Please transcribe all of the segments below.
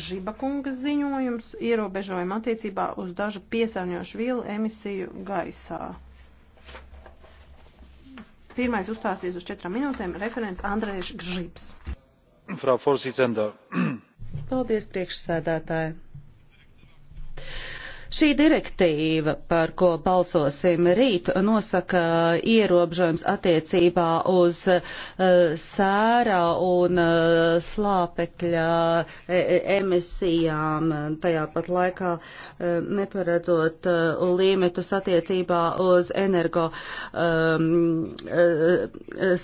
Žiba kungas ziņojums ierobežojuma attiecībā uz dažu piesārņošu vielu emisiju gaisā. Pirmais uzstāsies uz četrām minūtēm referents Andrēš Gžibs. Frau Vorsitzender. Paldies, priekšsēdētāji. Šī direktīva, par ko balsosim rīt, nosaka ierobežojums attiecībā uz uh, sēra un uh, slāpekļa e, e, emisijām, tajā pat laikā uh, neparedzot uh, limitus attiecībā uz energo um, uh,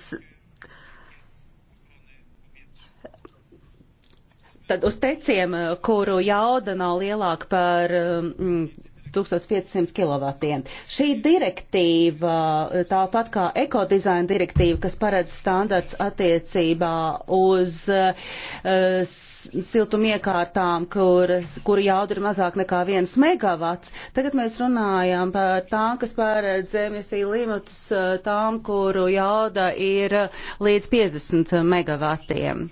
tad uz teciem, kuru jauda nav lielāka par mm, 1500 kW. Šī direktīva, tāpat kā ekodizaina direktīva, kas paredz standarts attiecībā uz uh, siltumiekārtām, kuras, kuru jauda ir mazāk nekā 1 megavats, tagad mēs runājam par tām, kas paredz emisiju limitus eh, tām, kuru jauda ir eh, līdz 50 megavatiem.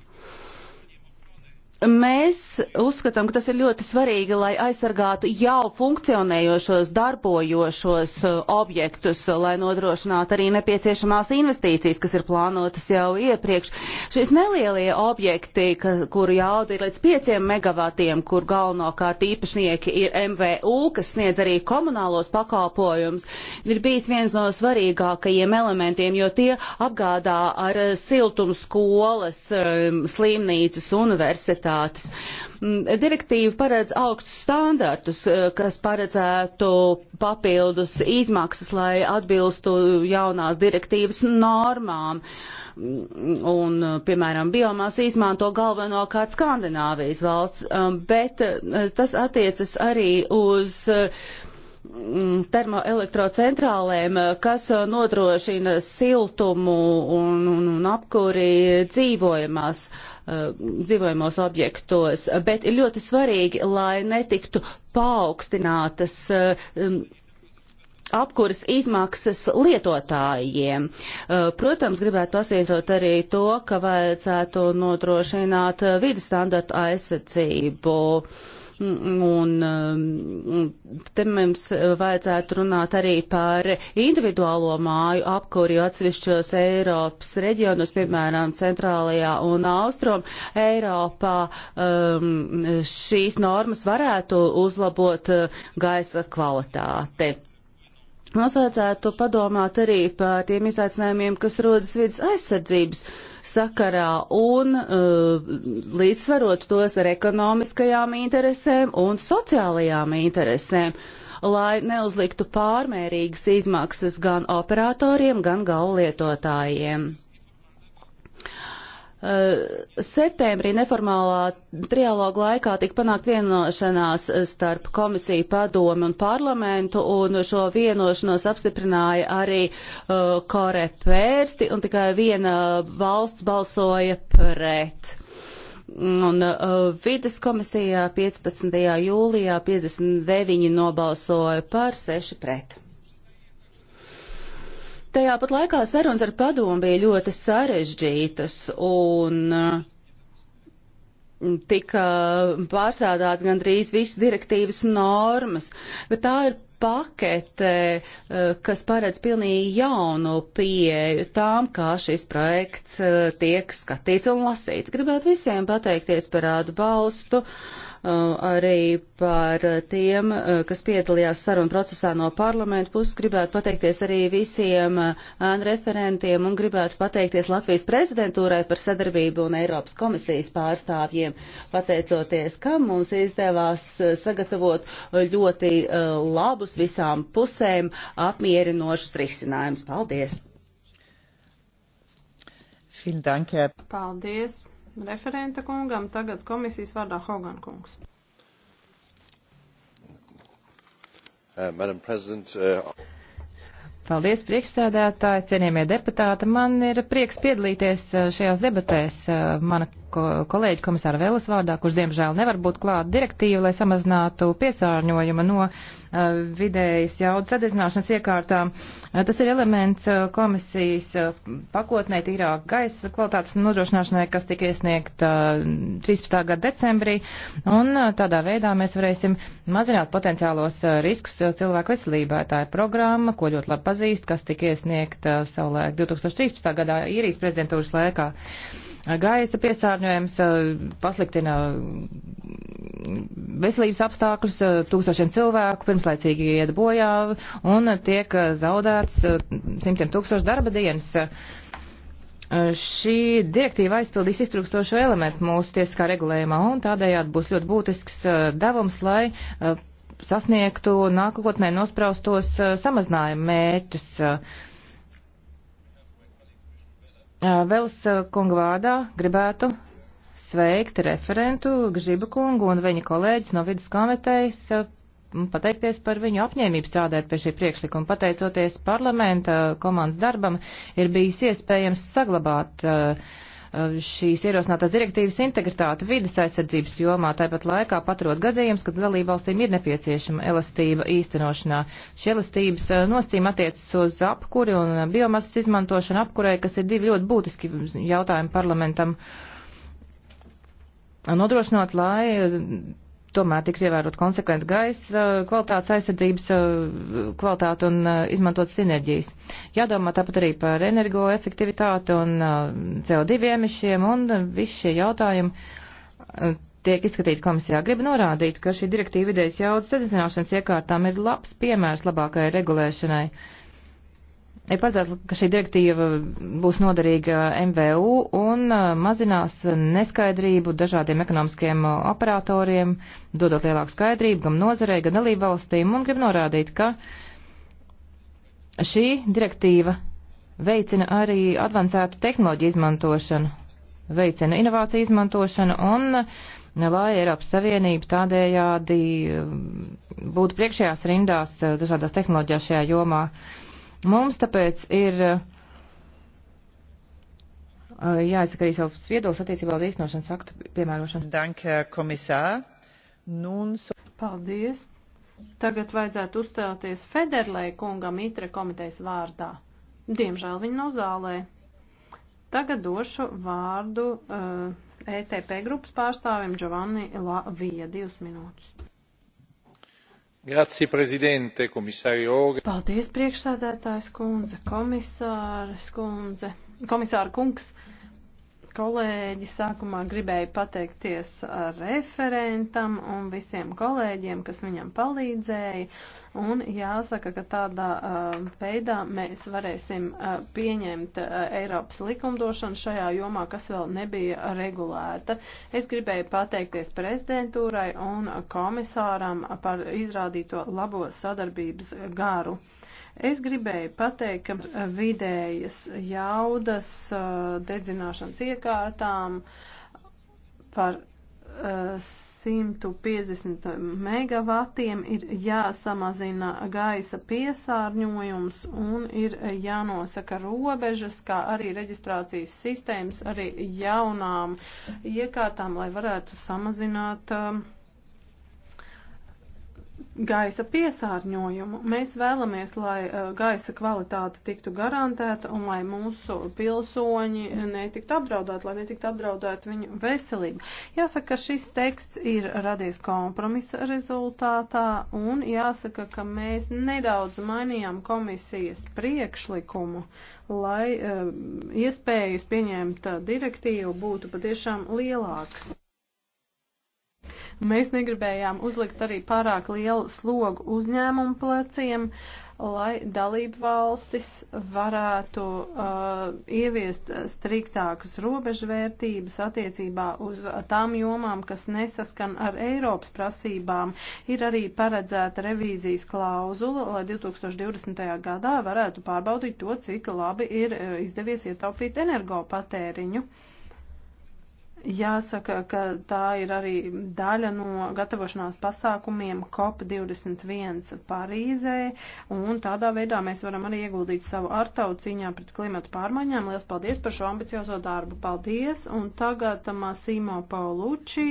Mēs uzskatām, ka tas ir ļoti svarīgi, lai aizsargātu jau funkcionējošos, darbojošos uh, objektus, lai nodrošinātu arī nepieciešamās investīcijas, kas ir plānotas jau iepriekš. Šis nelielie objekti, ka, kuru jauda ir līdz 5 megavatiem, kur galvenokārt īpašnieki ir MVU, kas sniedz arī komunālos pakalpojumus, ir bijis viens no svarīgākajiem elementiem, jo tie apgādā ar siltumu skolas, um, slimnīcas, universitātes aktivitātes. Mm, direktīva paredz augstus standartus, eh, kas paredzētu papildus izmaksas, lai atbilstu jaunās direktīvas normām. Mm, un, eh, piemēram, biomasu izmanto galvenokārt Skandināvijas valsts, um, bet eh, tas attiecas arī uz uh, Mm, termoelektrocentrālēm, eh, kas eh, nodrošina siltumu un, un, un apkuri dzīvojamās, eh, dzīvojamos objektos, bet ir ļoti svarīgi, lai netiktu paaugstinātas apkuras izmaksas lietotājiem. Protams, gribētu pasvītrot arī to, ka vajadzētu nodrošināt vidas standartu aizsardzību. Uh, Mm, um, un te mums uh, vajadzētu runāt arī par individuālo māju apkuri atsevišķos Eiropas reģionos, piemēram, centrālajā un austrum Eiropā. Um, šīs normas varētu uzlabot uh, gaisa kvalitāti. Mums vajadzētu padomāt arī par tiem izaicinājumiem, kas rodas vidas aizsardzības uh, sakarā un uh, līdzsvarot tos ar ekonomiskajām interesēm un sociālajām interesēm lai neuzliktu pārmērīgas izmaksas gan operatoriem, gan galvlietotājiem. Eh, septembrī neformālā trialoga laikā tika panākt vienošanās eh, starp komisiju, padomu un parlamentu, un šo vienošanos apstiprināja arī uh, Kore Pērsti, un tikai viena valsts balsoja pret. Un uh, vides komisijā 15. jūlijā 59 nobalsoja par 6 pret. Tajā pat laikā sarunas ar padomu bija ļoti sarežģītas un uh, tika pārstrādāts gandrīz visas direktīvas normas, bet tā ir pakete, uh, kas paredz pilnīgi jaunu pieeju tām, kā šis projekts uh, tiek skatīts un lasīts. Gribētu visiem pateikties par atbalstu Uh, arī par uh, tiem, uh, kas piedalījās sarunu procesā no parlamentu puses. Gribētu pateikties arī visiem ēnu referentiem un gribētu pateikties Latvijas prezidentūrai par sadarbību un Eiropas komisijas pārstāvjiem, pateicoties, kam mums izdevās sagatavot ļoti labus visām pusēm apmierinošus risinājumus. Paldies! Vielen Dank, Herr. Paldies referenta kungam, tagad komisijas vārdā Hogan kungs. Uh, uh... Paldies, priekšstādātāji, cienījamie deputāti. Man ir prieks piedalīties uh, šajās debatēs. Uh, mana kolēģi komisāra Vēlas vārdā, kurš diemžēl nevar būt klāt direktīva, lai samazinātu piesārņojumu no uh, vidējas jaudas sadedzināšanas iekārtām. Uh, tas ir elements uh, komisijas pakotnē tīrāk gaisa kvalitātes nodrošināšanai, kas tika iesniegta 13. gada decembrī, un tādā veidā mēs varēsim mazināt potenciālos riskus cilvēku veselībai. Tā ir programma, ko ļoti labi pazīst, kas tika iesniegta savulaik 2013. gadā īrijas prezidentūras laikā. Gaisa piesārņojums eh, pasliktina veselības apstākļus, eh, tūkstošiem cilvēku pirmslaicīgi iet bojā un tiek zaudēts eh, simtiem tūkstošu darba dienas. Šī direktīva aizpildīs iztrūkstošo elementu mūsu tiesiskā regulējumā un tādējādi būs ļoti būtisks devums, lai sasniegtu nākotnē nospraustos samazinājumu mērķus. Uh, Vēlas kunga vārdā gribētu sveikt referentu Gžiba kungu un viņa kolēģis no vidas komitejas, pateikties par viņu apņēmību strādāt pie šī priekšlikuma. Pateicoties parlamenta komandas darbam, ir bijis iespējams saglabāt uh, Eh, šīs ierosinātās direktīvas integritāti vidas aizsardzības jomā, tāpat laikā patrot gadījums, kad dalībvalstīm ir nepieciešama elastība īstenošanā. Šie elastības eh, nosacījumi attiecas uz apkuri un biomasas izmantošanu apkurē, kas ir divi ļoti būtiski jautājumi parlamentam. Nodrošinot, lai tomēr tiks ievērot konsekventi gaisa eh, kvalitātes aizsardzības eh, kvalitāte un eh, izmantot sinerģijas. Jādomā tāpat arī par energoefektivitāti un CO2 emišiem un visi šie jautājumi tiek izskatīti komisijā. Gribu norādīt, ka šī direktīva idejas jaudas sadzināšanas iekārtām ir labs piemērs labākajai regulēšanai. Uh, ir paredzēts, ka šī direktīva būs noderīga MVU un uh, mazinās neskaidrību dažādiem ekonomiskiem uh, operatoriem, dodot lielāku skaidrību gan nozarei, gan dalību valstīm, un grib norādīt, ka šī direktīva veicina arī advancētu tehnoloģiju izmantošanu, veicina inovāciju izmantošanu un uh, lai Eiropas Savienība tādējādi būtu priekšējās rindās dažādās tehnoloģijās šajā jomā. Uh, Mums tāpēc ir eh, eh, jāizsaka arī savs viedoklis attiecībā uz īstenošanas aktu piemērošanu. Danke, komisār. Nun... Paldies. Tagad vajadzētu uzstāties Federlai kungam Itre komitejas vārdā. Diemžēl viņa nav zālē. Tagad došu vārdu uh, eh, ETP grupas pārstāvim Giovanni Lavija divas minūtes. Grazie, prezidente, komisāri Oga. Paldies, priekšsēdētājs kundze, komisārs kundze, komisāra kungs. Uh, kolēģi, sākumā gribēju pateikties referentam un visiem kolēģiem, kas viņam palīdzēja. Un jāsaka, ka tādā uh, veidā mēs varēsim uh, pieņemt uh, Eiropas likumdošanu šajā jomā, kas vēl nebija regulēta. Es gribēju pateikties prezidentūrai un komisāram par izrādīto labo sadarbības garu. Es gribēju pateikt, ka eh, vidējas jaudas eh, dedzināšanas iekārtām par 150 eh, megavatiem ir jāsamazina gaisa piesārņojums un ir jānosaka robežas, kā arī reģistrācijas sistēmas arī jaunām iekārtām, lai varētu samazināt uh, gaisa piesārņojumu. Mēs vēlamies, lai uh, gaisa kvalitāte tiktu garantēta un lai mūsu pilsoņi netiktu apdraudēti, lai netiktu apdraudēta viņu veselība. Jāsaka, ka šis teksts ir radies kompromisa rezultātā un jāsaka, ka mēs nedaudz mainījām komisijas priekšlikumu, lai uh, iespējas pieņemt uh, direktīvu būtu patiešām lielākas. Mēs negribējām uzlikt arī pārāk lielu slogu uzņēmumu pleciem, lai dalību valstis varētu uh, ieviest striktākas robežvērtības attiecībā uz tām jomām, kas nesaskan ar Eiropas prasībām. Ir arī paredzēta revīzijas klauzula, lai 2020. gadā varētu pārbaudīt to, cik labi ir uh, izdevies ietaupīt energopatēriņu. Uh, Jāsaka, ka tā ir arī daļa no gatavošanās pasākumiem COP21 Parīzē, un tādā veidā mēs varam arī ieguldīt savu artavu cīņā pret klimatu pārmaiņām. Lielas paldies par šo ambiciozo darbu. Paldies! Un tagad Masīmo Pauluči,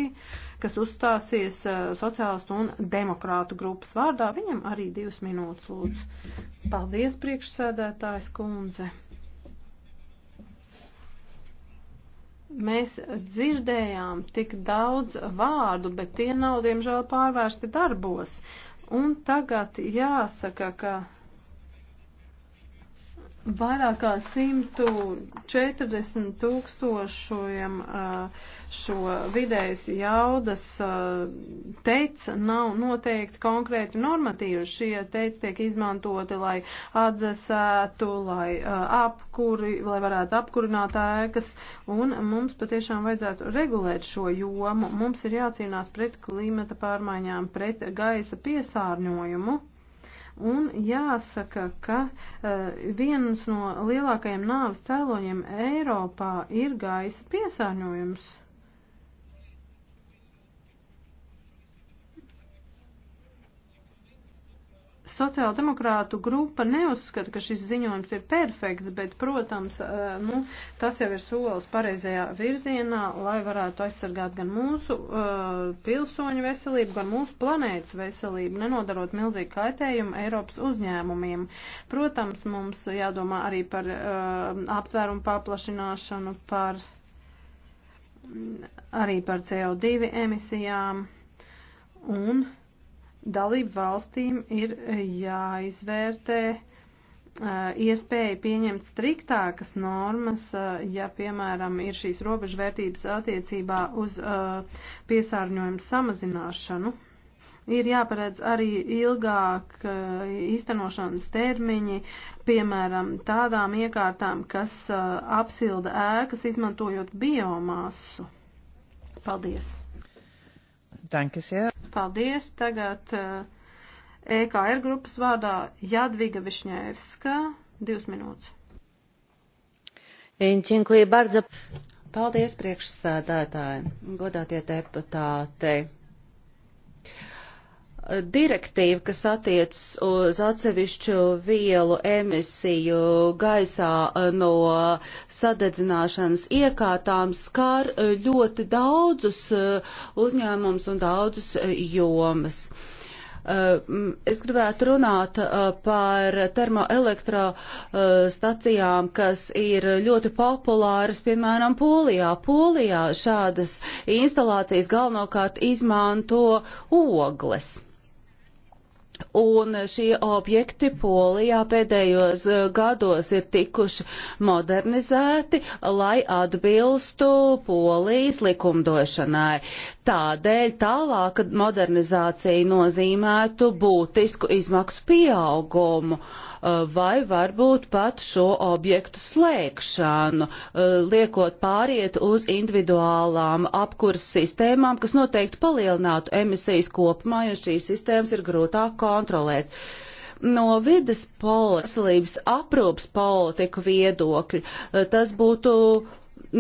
kas uzstāsies eh, sociālistu un demokrātu grupas vārdā, viņam arī divas minūtes lūdzu. Paldies, priekšsēdētājs kundze! Mēs dzirdējām tik daudz vārdu, bet tie nav, diemžēl, pārvērsti darbos. Un tagad jāsaka, ka vairāk kā 140 tūkstošiem šo vidējas jaudas teic nav noteikti konkrēti normatīvi. Šie teic tiek izmantoti, lai atdzesētu, lai apkuri, lai varētu apkurināt ēkas, un mums patiešām vajadzētu regulēt šo jomu. Mums ir jācīnās pret klimata pārmaiņām, pret gaisa piesārņojumu. Un jāsaka, ka eh, viens no lielākajiem nāves cēloņiem Eiropā ir gaisa piesārņojums. Sociāldemokrātu grupa neuzskata, ka šis ziņojums ir perfekts, bet, protams, eh, nu, tas jau ir solis pareizajā virzienā, lai varētu aizsargāt gan mūsu uh, pilsoņu veselību, gan mūsu planētas veselību, nenodarot milzīgu kaitējumu Eiropas uzņēmumiem. Protams, mums jādomā arī par uh, aptvērumu paplašināšanu, par, arī par CO2 emisijām un Dalību valstīm ir eh, jāizvērtē eh, iespēja pieņemt striktākas normas, eh, ja, piemēram, ir šīs robežvērtības attiecībā uz piesārņojumu samazināšanu ir jāparedz arī ilgāk īstenošanas termiņi, piemēram, tādām iekārtām, kas apsilda ēkas, izmantojot biomasu. Paldies! Dankas, jā. Paldies. Tagad EKR eh, e grupas vārdā Jadviga Višņēvska. Divas minūtes. Paldies priekšsēdētāji, godātie deputāti direktīva, kas attiec uz atsevišķu vielu emisiju gaisā uh, no sadedzināšanas iekārtām, skar uh, ļoti daudzus uh, uzņēmums un daudzas jomas. Es gribētu runāt par termoelektrostacijām, kas ir ļoti populāras, piemēram, Polijā. Polijā šādas instalācijas galvenokārt izmanto ogles. Un šie objekti Polijā pēdējos eh, gados ir tikuši modernizēti, lai atbilstu Polijas likumdošanai. Tādēļ tālāka modernizācija nozīmētu būtisku izmaksu pieaugumu. Uh, Eh, vai varbūt pat šo objektu slēgšanu, eh, liekot pāriet uz individuālām apkuras sistēmām, kas noteikti palielinātu emisijas kopumā, jo šīs sistēmas ir grūtāk kontrolēt no vidas veselības aprūpas politiku viedokļa eh, tas būtu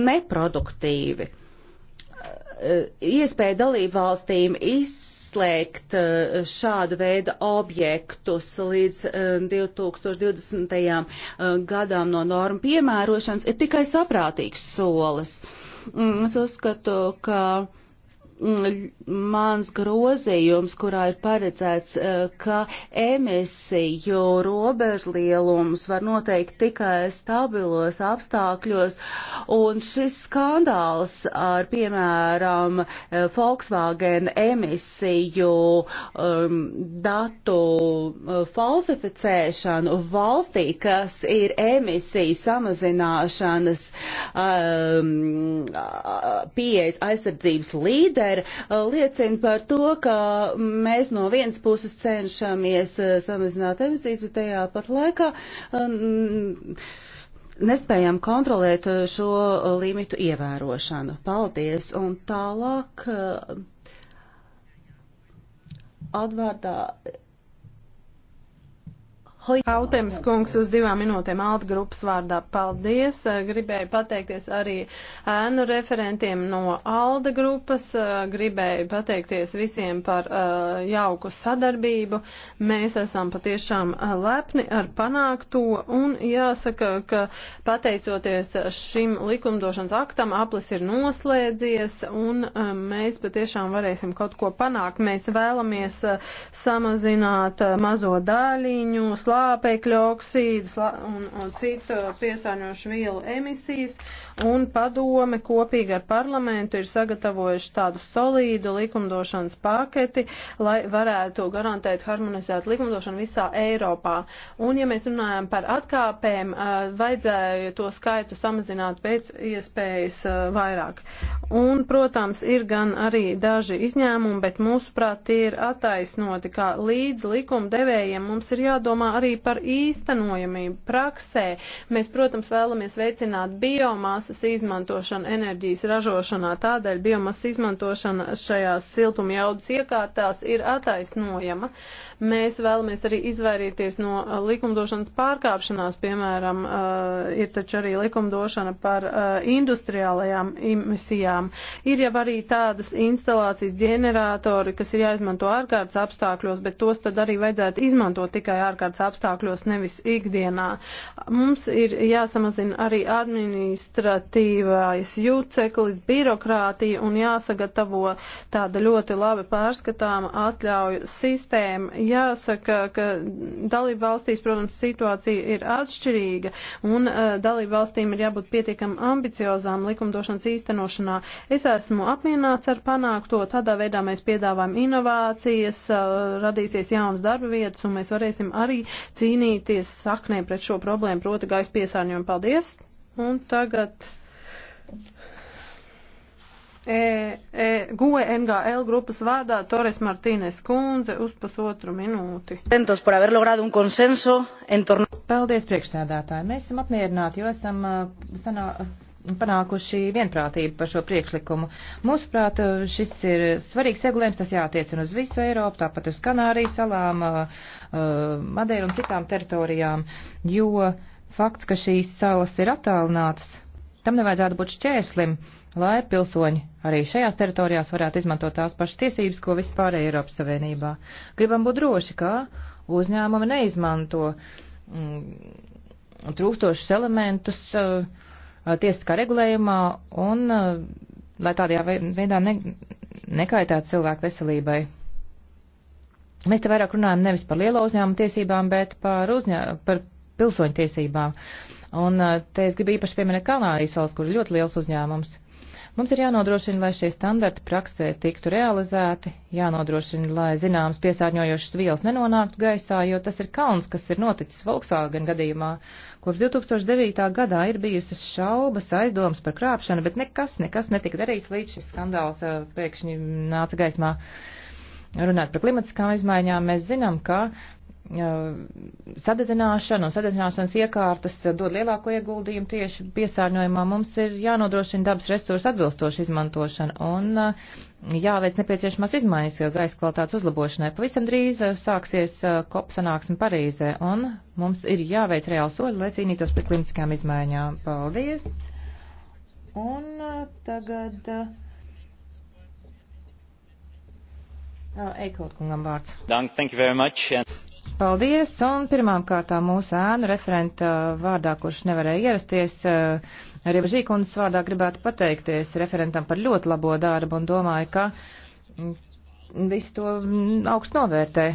neproduktīvi. Iespēja dalībvalstīm iz izslēgt eh, šādu veidu objektus līdz 2020. Eh, eh, gadām no normu piemērošanas ir tikai saprātīgs solis. Mm, es uzskatu, ka Mm, mans grozījums, kurā ir paredzēts, eh, ka emisiju robežlielums var noteikt tikai stabilos apstākļos, un šis skandāls ar, piemēram, eh, Volkswagen emisiju um, datu eh, falsificēšanu valstī, kas ir emisiju samazināšanas um, pieejas aizsardzības līderi, Twitter eh, liecina par to, ka mēs no vienas puses cenšamies eh, samazināt emisijas, bet tajā pat laikā um, nespējam kontrolēt šo limitu ievērošanu. Paldies! Un tālāk uh, atvārtā. Hautems kungs uz divām minūtēm Alta grupas vārdā. Paldies! Eh, gribēju pateikties arī ēnu referentiem no Alta grupas. Eh, gribēju pateikties visiem par eh, jauku sadarbību. Mēs esam patiešām lepni ar panākto un jāsaka, ka pateicoties šim likumdošanas aktam aplis ir noslēdzies un mēs patiešām varēsim kaut ko panākt. Mēs vēlamies samazināt mazo dāļiņu, slāpekļa oksīdas un, un citu piesārņošu vielu emisijas, un padome kopīgi ar parlamentu ir sagatavojuši tādu solīdu likumdošanas paketi, lai varētu garantēt harmonizētu likumdošanu visā Eiropā. Un, ja mēs runājam par atkāpēm, eh, vajadzēja to skaitu samazināt pēc iespējas eh, vairāk. Un, protams, ir gan arī daži izņēmumi, bet mūsuprāt tie ir attaisnoti, kā līdz likumdevējiem mums ir jādomā arī arī par īstenojamību praksē. Mēs, protams, vēlamies veicināt biomasas izmantošanu enerģijas ražošanā, tādēļ biomasas izmantošana šajās siltumjaudas iekārtās ir attaisnojama. Mēs vēlamies arī izvairīties no uh, likumdošanas pārkāpšanās, piemēram, uh, ir taču arī likumdošana par uh, industriālajām emisijām. Ir jau arī tādas instalācijas ģeneratori, kas ir jāizmanto ārkārtas apstākļos, bet tos tad arī vajadzētu izmantot tikai ārkārtas apstākļos apstākļos, nevis ikdienā. Mums ir jāsamazina arī administratīvais jūceklis, birokrātija un jāsagatavo tāda ļoti labi pārskatāma atļauju sistēma. Jāsaka, ka dalību valstīs, protams, situācija ir atšķirīga un uh, dalību valstīm ir jābūt pietiekam ambiciozām likumdošanas īstenošanā. Es esmu apmierināts ar panākto, tādā veidā mēs piedāvājam inovācijas, eh, radīsies jaunas darba vietas un mēs varēsim arī cīnīties saknē pret šo problēmu, proti gaisa piesārņojumu. Paldies! Un tagad e, e, GUE NGL grupas vārdā Torres Martīnes kundze uz pusotru minūti. Paldies, priekšsēdētāji! Mēs esam apmierināti, jo esam uh, sanā, panākuši vienprātību par šo priekšlikumu. Mūsuprāt, šis ir svarīgs regulējums, tas jātiecina uz visu Eiropu, tāpat uz Kanāriju salām, Madeiru un citām teritorijām, jo fakts, ka šīs salas ir attālinātas, tam nevajadzētu būt šķēslim, lai pilsoņi arī šajās teritorijās varētu izmantot tās pašas tiesības, ko vispār Eiropas Savienībā. Gribam būt droši, ka uzņēmumi neizmanto mm, trūkstošus elementus. Uh, Uh, tiesiskā regulējumā un uh, lai tādajā veidā ne, nekaitētu cilvēku veselībai. Mēs te vairāk runājam nevis par lielo uzņēmumu tiesībām, bet par, uzņē, par pilsoņu tiesībām. Un uh, te es gribu īpaši pieminēt Kanādijas valsts, kur ir ļoti liels uzņēmums. Mums ir jānodrošina, lai šie standarti praksē tiktu realizēti, jānodrošina, lai zināmas piesārņojošas vielas nenonāktu gaisā, jo tas ir kauns, kas ir noticis Volkswagen gadījumā, Kopš 2009. gadā ir bijusi šaubas, aizdomas par krāpšanu, bet nekas, nekas netika darīts, līdz šis skandāls pēkšņi nāca gaismā. Runāt par klimatiskām izmaiņām, mēs zinām, ka sadedzināšana un sadedzināšanas iekārtas dod lielāko ieguldījumu tieši piesārņojumā. Mums ir jānodrošina dabas resursu atbilstoša izmantošana un jāveic nepieciešamās izmaiņas gaisa kvalitātes uzlabošanai. Pavisam drīz sāksies kop sanāksme Parīzē un mums ir jāveic reāli soļi, lai cīnītos pret kliniskajām izmaiņām. Paldies! Un tagad. Eikot kungam vārds. Thank you very much. And... Paldies, un pirmām kārtām mūsu ēnu referenta vārdā, kurš nevarēja ierasties, eh, arī Žīkundas vārdā gribētu pateikties referentam par ļoti labo darbu un domāju, ka visu to mm, augstu novērtē.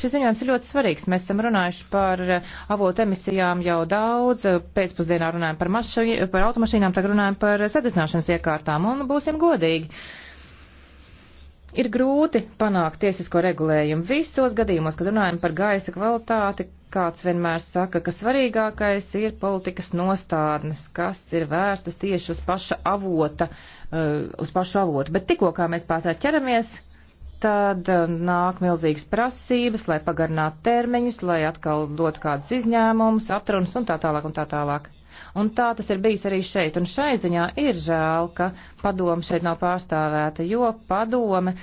Šis ziņojums ir ļoti svarīgs. Mēs esam runājuši par eh, avotu emisijām jau daudz, pēcpusdienā runājam par, maši, par automašīnām, tagad runājam par sadedzināšanas iekārtām un būsim godīgi. Uh, Ir grūti panākt tiesisko regulējumu visos gadījumos, kad runājam par gaisa kvalitāti, kāds vienmēr saka, ka svarīgākais ir politikas nostādnes, kas ir vērstas tieši uz paša avota, eh, uz pašu avotu. Bet tikko kā mēs pārtā ķeramies, tad eh, nāk milzīgas prasības, lai pagarinātu termiņus, lai atkal dotu kādas izņēmumus, atrunas un tā tālāk un tā tālāk. Un tā tas ir bijis arī šeit. Un šai ziņā ir žēl, ka padome šeit nav pārstāvēta, jo padome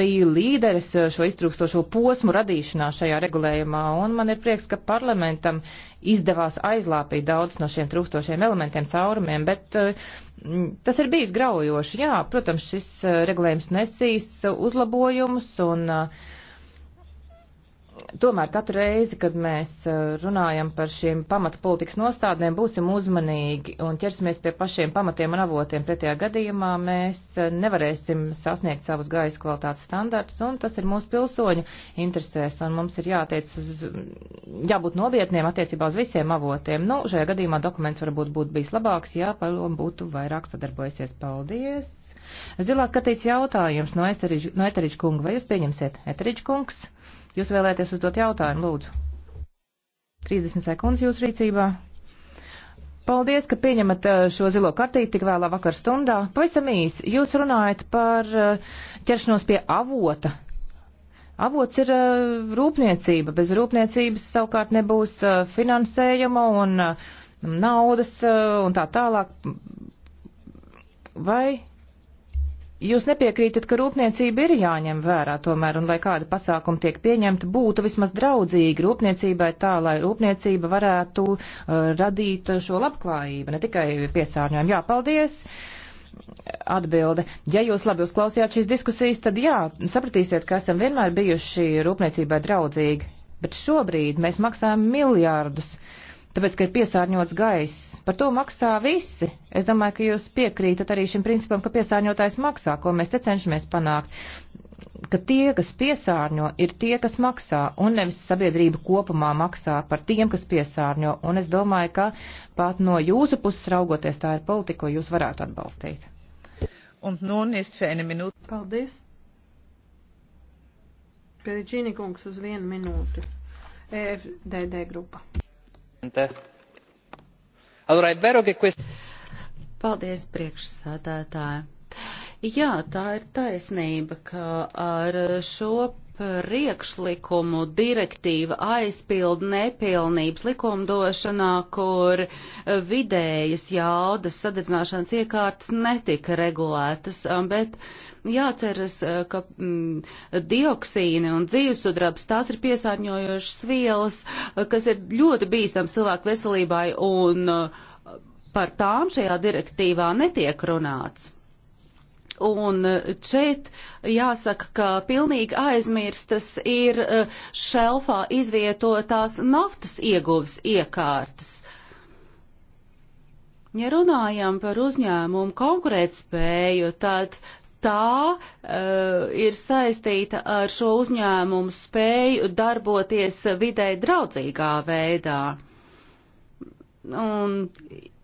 bija līderis šo iztrūkstošo posmu radīšanā šajā regulējumā. Un man ir prieks, ka parlamentam izdevās aizlāpīt daudz no šiem trūkstošiem elementiem caurumiem, bet mm, tas ir bijis graujoši. Jā, protams, šis eh, regulējums nesīs uzlabojumus un uh, tomēr katru reizi, kad mēs uh, runājam par šīm pamata politikas nostādnēm, būsim uzmanīgi un ķersimies pie pašiem pamatiem un avotiem. Pretējā gadījumā mēs uh, nevarēsim sasniegt savus gaisa kvalitātes standartus, un tas ir mūsu pilsoņu interesēs, un mums ir jātiec uz, jābūt nobietniem attiecībā uz visiem avotiem. Nu, šajā gadījumā dokuments varbūt būtu bijis labāks, ja padomu būtu vairāk sadarbojusies. Paldies! Zilās kartīts jautājums no Eteriģa no kunga. Vai jūs pieņemsiet Eteriģa kungs? Jūs vēlēties uzdot jautājumu, lūdzu. 30 sekundes jūsu rīcībā. Paldies, ka pieņemat eh, šo zilo kartīti tik vēlā vakar stundā. Pavisam īsi, jūs runājat par eh, ķeršanos pie avota. Avots ir eh, rūpniecība. Bez rūpniecības savukārt nebūs finansējuma un naudas un tā tālāk. Vai Jūs nepiekrītat, ka rūpniecība ir jāņem vērā tomēr, un lai kāda pasākuma tiek pieņemta, būtu vismaz draudzīgi rūpniecībai tā, lai rūpniecība varētu uh, radīt šo labklājību, ne tikai piesārņojumu. Jā, paldies! Atbilde. Ja jūs labi uzklausījāt šīs diskusijas, tad jā, sapratīsiet, ka esam vienmēr bijuši rūpniecībai draudzīgi, bet šobrīd mēs maksājam miljārdus. Uh, tāpēc, ka ir piesārņots gaiss. Par to maksā visi. Es domāju, ka jūs piekrītat arī šim principam, ka piesārņotājs maksā, ko mēs te cenšamies panākt. Ka tie, kas piesārņo, ir tie, kas maksā, un nevis sabiedrība kopumā maksā par tiem, kas piesārņo. Un es domāju, ka pat no jūsu puses raugoties tā ir politika, ko jūs varētu atbalstīt. Un nun ist für eine Minute. Paldies. Pēdējā kungs uz vienu minūti. EFDD grupa. Paldies, priekšsēdētāji. Jā, tā ir taisnība, ka ar šo priekšlikumu direktīva aizpild nepilnības likumdošanā, kur vidējas jaudas sadedzināšanas iekārtas netika regulētas, um, bet jāceras, uh, ka mm, dioksīni un dzīvesudrabs tās ir piesārņojošas vielas, uh, kas ir ļoti bīstams cilvēku veselībai un uh, par tām šajā direktīvā netiek runāts. Un e, šeit jāsaka, ka pilnīgi aizmirstas ir e, šelfā izvietotās naftas ieguves iekārtas. Ja runājam par uzņēmumu konkurētspēju, tad tā uh, ir saistīta ar šo uzņēmumu spēju darboties vidē draudzīgā veidā. Un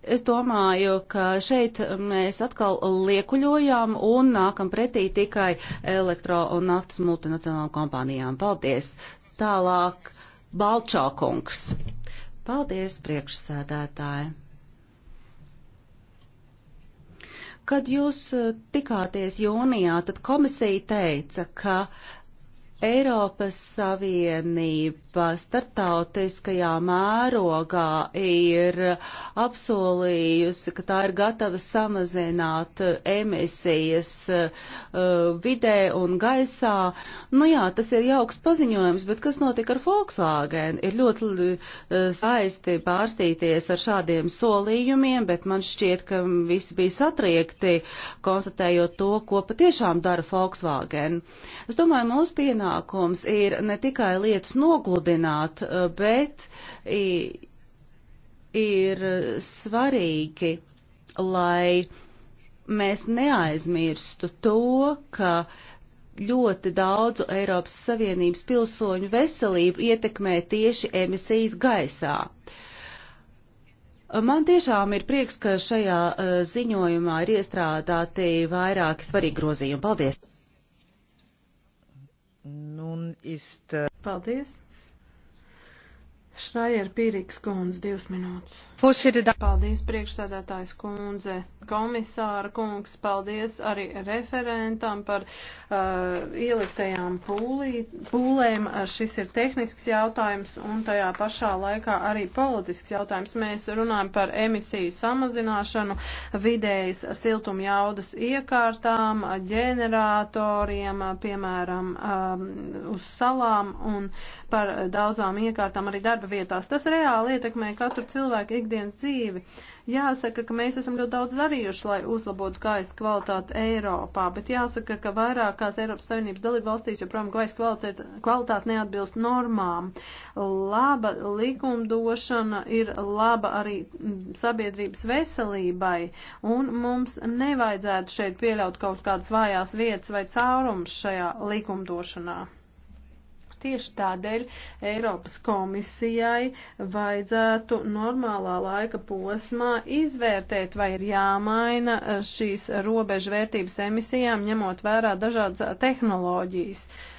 Es domāju, ka šeit mēs atkal liekuļojam un nākam pretī tikai elektro un naftas multinacionālām kompānijām. Paldies! Tālāk Balčākungs. Paldies, priekšsēdētāji! Kad jūs tikāties jūnijā, tad komisija teica, ka Eiropas Savienība startautiskajā mērogā ir apsolījusi, ka tā ir gatava samazināt emisijas uh, vidē un gaisā. Nu jā, tas ir jauks paziņojums, bet kas notika ar Volkswagen? Ir ļoti uh, saisti pārstīties ar šādiem solījumiem, bet man šķiet, ka visi bija satriekti, konstatējot to, ko patiešām dara Volkswagen. Es domāju, mūsu pienākums pienākums ir ne tikai lietas nogludināt, eh, bet ir svarīgi, lai mēs neaizmirstu to, ka ļoti daudzu Eiropas Savienības pilsoņu veselību ietekmē tieši emisijas gaisā. Man tiešām ir prieks, ka šajā eh, ziņojumā ir iestrādāti vairāki svarīgi grozījumi. Paldies! Nun ist. Äh, Paldies! Šrajer Pīrīgs kundze divas minūtes. Paldies priekšsēdētājs kundze, komisāra kungs, paldies arī referentam par uh, ieliktajām pūlī, pūlēm. Šis ir tehnisks jautājums un tajā pašā laikā arī politisks jautājums. Mēs runājam par emisiju samazināšanu, vidējas siltumjaudas iekārtām, ģeneratoriem, piemēram, um, uz salām un par daudzām iekārtām arī darba vietās. Tas reāli ietekmē katru cilvēku ikdienas dzīvi. Jāsaka, ka mēs esam ļoti daudz darījuši, lai uzlabotu gaisa kvalitāti Eiropā, bet jāsaka, ka vairākās Eiropas Savienības dalību valstīs joprojām gaisa kvalitāte, kvalitāte neatbilst normām. Laba likumdošana ir laba arī sabiedrības veselībai, un mums nevajadzētu šeit pieļaut kaut kādas vājās vietas vai caurums šajā likumdošanā. Tieši tādēļ Eiropas komisijai vajadzētu normālā laika posmā izvērtēt, vai ir jāmaina eh, šīs robežu vērtības emisijām, ņemot vērā dažādas eh, tehnoloģijas. Uh,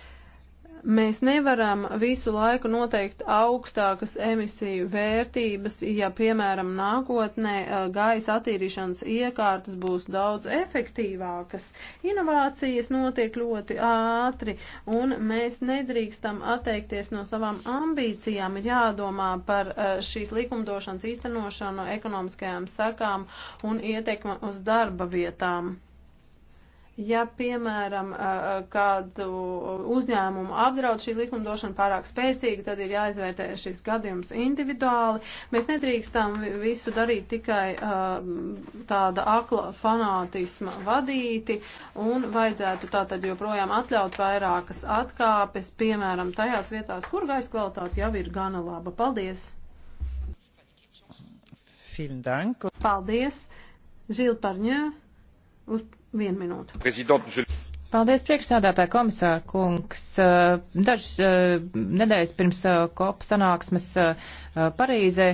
Mēs nevaram visu laiku noteikt augstākas emisiju vērtības, ja, piemēram, nākotnē eh, gaisa attīrīšanas iekārtas būs daudz efektīvākas. Inovācijas notiek ļoti ātri, un mēs nedrīkstam atteikties no savām ambīcijām. Ir jādomā par eh, šīs likumdošanas īstenošanu, ekonomiskajām sakām un ietekmi uz darba vietām. Ja, piemēram, kādu uzņēmumu apdraud šī likumdošana pārāk spēcīga, tad ir jāizvērtē šis gadījums individuāli. Mēs nedrīkstam visu darīt tikai tāda akla fanātisma vadīti un vajadzētu tātad joprojām atļaut vairākas atkāpes, piemēram, tajās vietās, kur gaisa kvalitāte jau ir gana laba. Paldies! Paldies! Žilparņē! uz vienu minūtu. Prezident... Paldies, priekšsādātāja komisāra kungs. Uh, dažas uh, nedēļas pirms kopu uh, sanāksmes Parīzē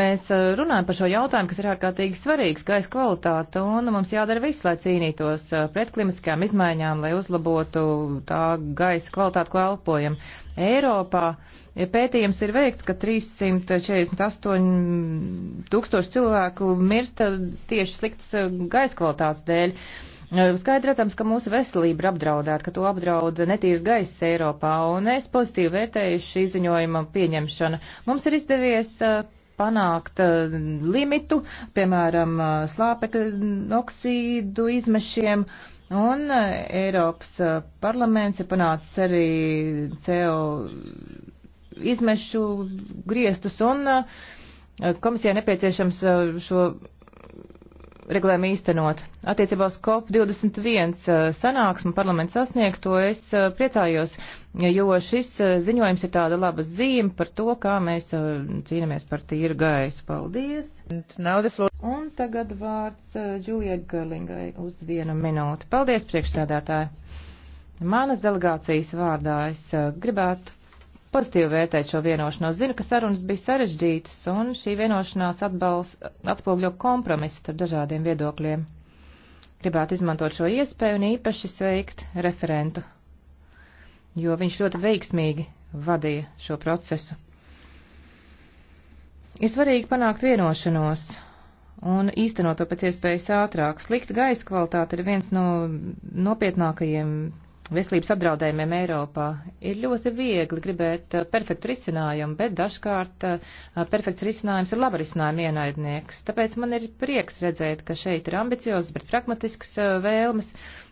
mēs runājam par šo jautājumu, kas ir ārkārtīgi svarīgs, gaisa kvalitāte, un mums jādara viss, lai cīnītos pret klimatiskajām izmaiņām, lai uzlabotu tā gaisa kvalitāti, ko elpojam. Ko Eiropā. Pētījums ir veikts, ka 348 tūkstoši cilvēku mirsta tieši sliktas eh, gaisa kvalitātes dēļ. Eh, Skaidri redzams, ka mūsu veselība ir apdraudēta, ka to apdraud netīrs gaiss Eiropā, un es pozitīvi vērtēju šī ziņojuma pieņemšanu. Mums ir izdevies eh, panākt limitu, piemēram, slāpekļa oksīdu izmešiem. Uh, Un e, Eiropas e, parlaments ir panācis arī CO izmešu griestus un e, komisijai nepieciešams šo regulējumu īstenot. Attiecībā uz COP21 uh, sanāksmu parlaments sasniegto es uh, priecājos, jo šis uh, ziņojums ir tāda laba zīme par to, kā mēs cīnāmies par tīru gaisu. Paldies! Un tagad vārds Džulijai Garlingai uz vienu minūti. Paldies, priekšsēdētāji! Manas delegācijas vārdā es gribētu pozitīvi vērtēt šo vienošanos. Zinu, ka sarunas bija sarežģītas, un šī vienošanās atbalst, atspogļo kompromisu starp dažādiem viedokļiem. Gribētu izmantot šo iespēju un īpaši sveikt referentu, jo viņš ļoti veiksmīgi vadīja šo procesu. Ir svarīgi panākt vienošanos un īstenot to pēc iespējas ātrāk. Slikta gaisa kvalitāte ir viens no nopietnākajiem veselības apdraudējumiem Eiropā. Ir ļoti viegli gribēt eh, perfektu risinājumu, bet dažkārt eh, perfekts risinājums ir laba risinājuma ienaidnieks. Tāpēc man ir prieks redzēt, ka šeit ir ambiciozas, bet pragmatiskas eh, vēlmes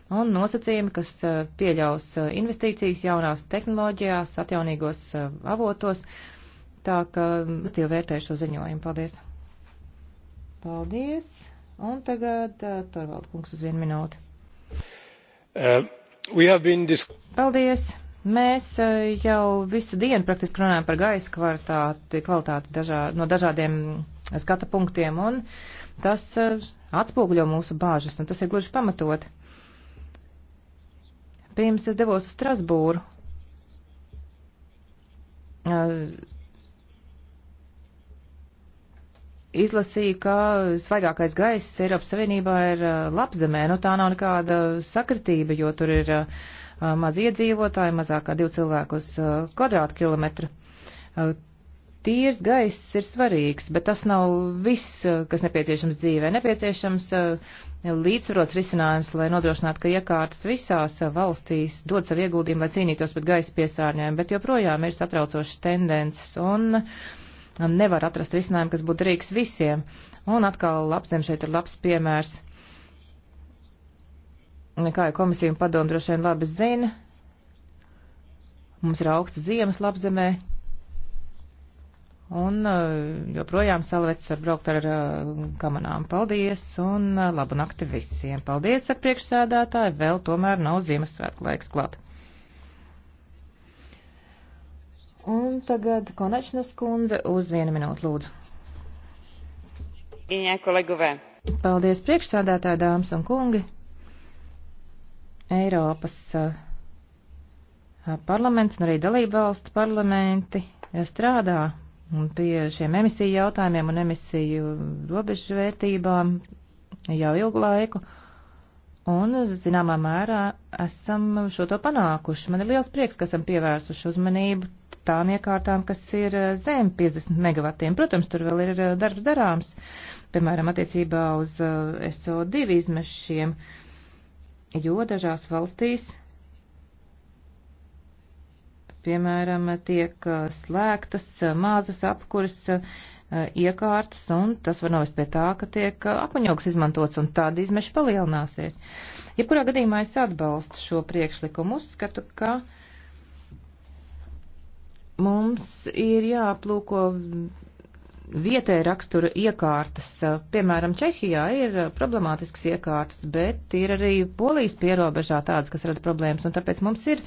un nosacījumi, kas pieļaus investīcijas jaunās tehnoloģijās, atjaunīgos avotos. Tā ka mm, es tev vērtēju šo ziņojumu. Paldies! Paldies! Un tagad Torvald kungs uz vienu minūti. Uh. Paldies! Mēs e, jau visu dienu praktiski runājam par gaisa kvalitāti, kvalitāti dažā, no dažādiem skata punktiem, un tas e, atspūgļo mūsu bāžas, un tas ir gluži pamatot. Pirms es devos uz Strasbūru, e, izlasīju, ka svaigākais gaiss Eiropas Savienībā ir uh, labzemē. Nu, tā nav nekāda sakritība, jo tur ir uh, uh, maz iedzīvotāji, mazākā divu cilvēku uz kvadrātkilometru. Tīrs gaiss ir svarīgs, bet tas nav viss, kas nepieciešams dzīvē. Nepieciešams līdzsvarots risinājums, lai nodrošinātu, ka iekārtas visās valstīs dod savu ieguldījumu, lai cīnītos pret gaisa piesārņojumu, bet joprojām ir satraucošas tendences. Un, uh, nevar atrast risinājumu, kas būtu derīgs visiem. Un atkal labzem šeit ir labs piemērs. Kā jau komisija un padomu droši vien labi zina, mums ir augsta ziemas labzemē, un uh, joprojām salvecis var braukt ar uh, kamanām. Paldies un uh, labu nakti visiem. Paldies ar priekšsēdētāju, vēl tomēr nav Ziemassvētku laiks klāt. Un tagad Konečnas kundze uz vienu minūtu lūdzu. Paldies priekšsādātāji, dāmas un kungi. Eiropas uh, parlaments un arī dalību valstu parlamenti uh, strādā pie šiem emisiju jautājumiem un emisiju robežu vērtībām jau ilgu laiku. Un, zināmā mērā, esam šo to panākuši. Man ir liels prieks, ka esam pievērsuši uzmanību tām iekārtām, kas ir eh, zem 50 megavatiem. Protams, tur vēl ir eh, darbs darāms, piemēram, attiecībā uz eh, SO2 izmešiem, jo dažās valstīs, piemēram, tiek slēgtas mazas apkuras iekārtas, un tas var novest pie tā, ka tiek apaņogs izmantots, un tāda izmeša palielināsies. Jebkurā gadījumā es atbalstu šo priekšlikumu, uzskatu, ka uh, Mums ir jāaplūko vietēja rakstura iekārtas. Piemēram, Čehijā ir problemātisks iekārtas, bet ir arī polijas pierobežā tādas, kas rada problēmas, un tāpēc mums ir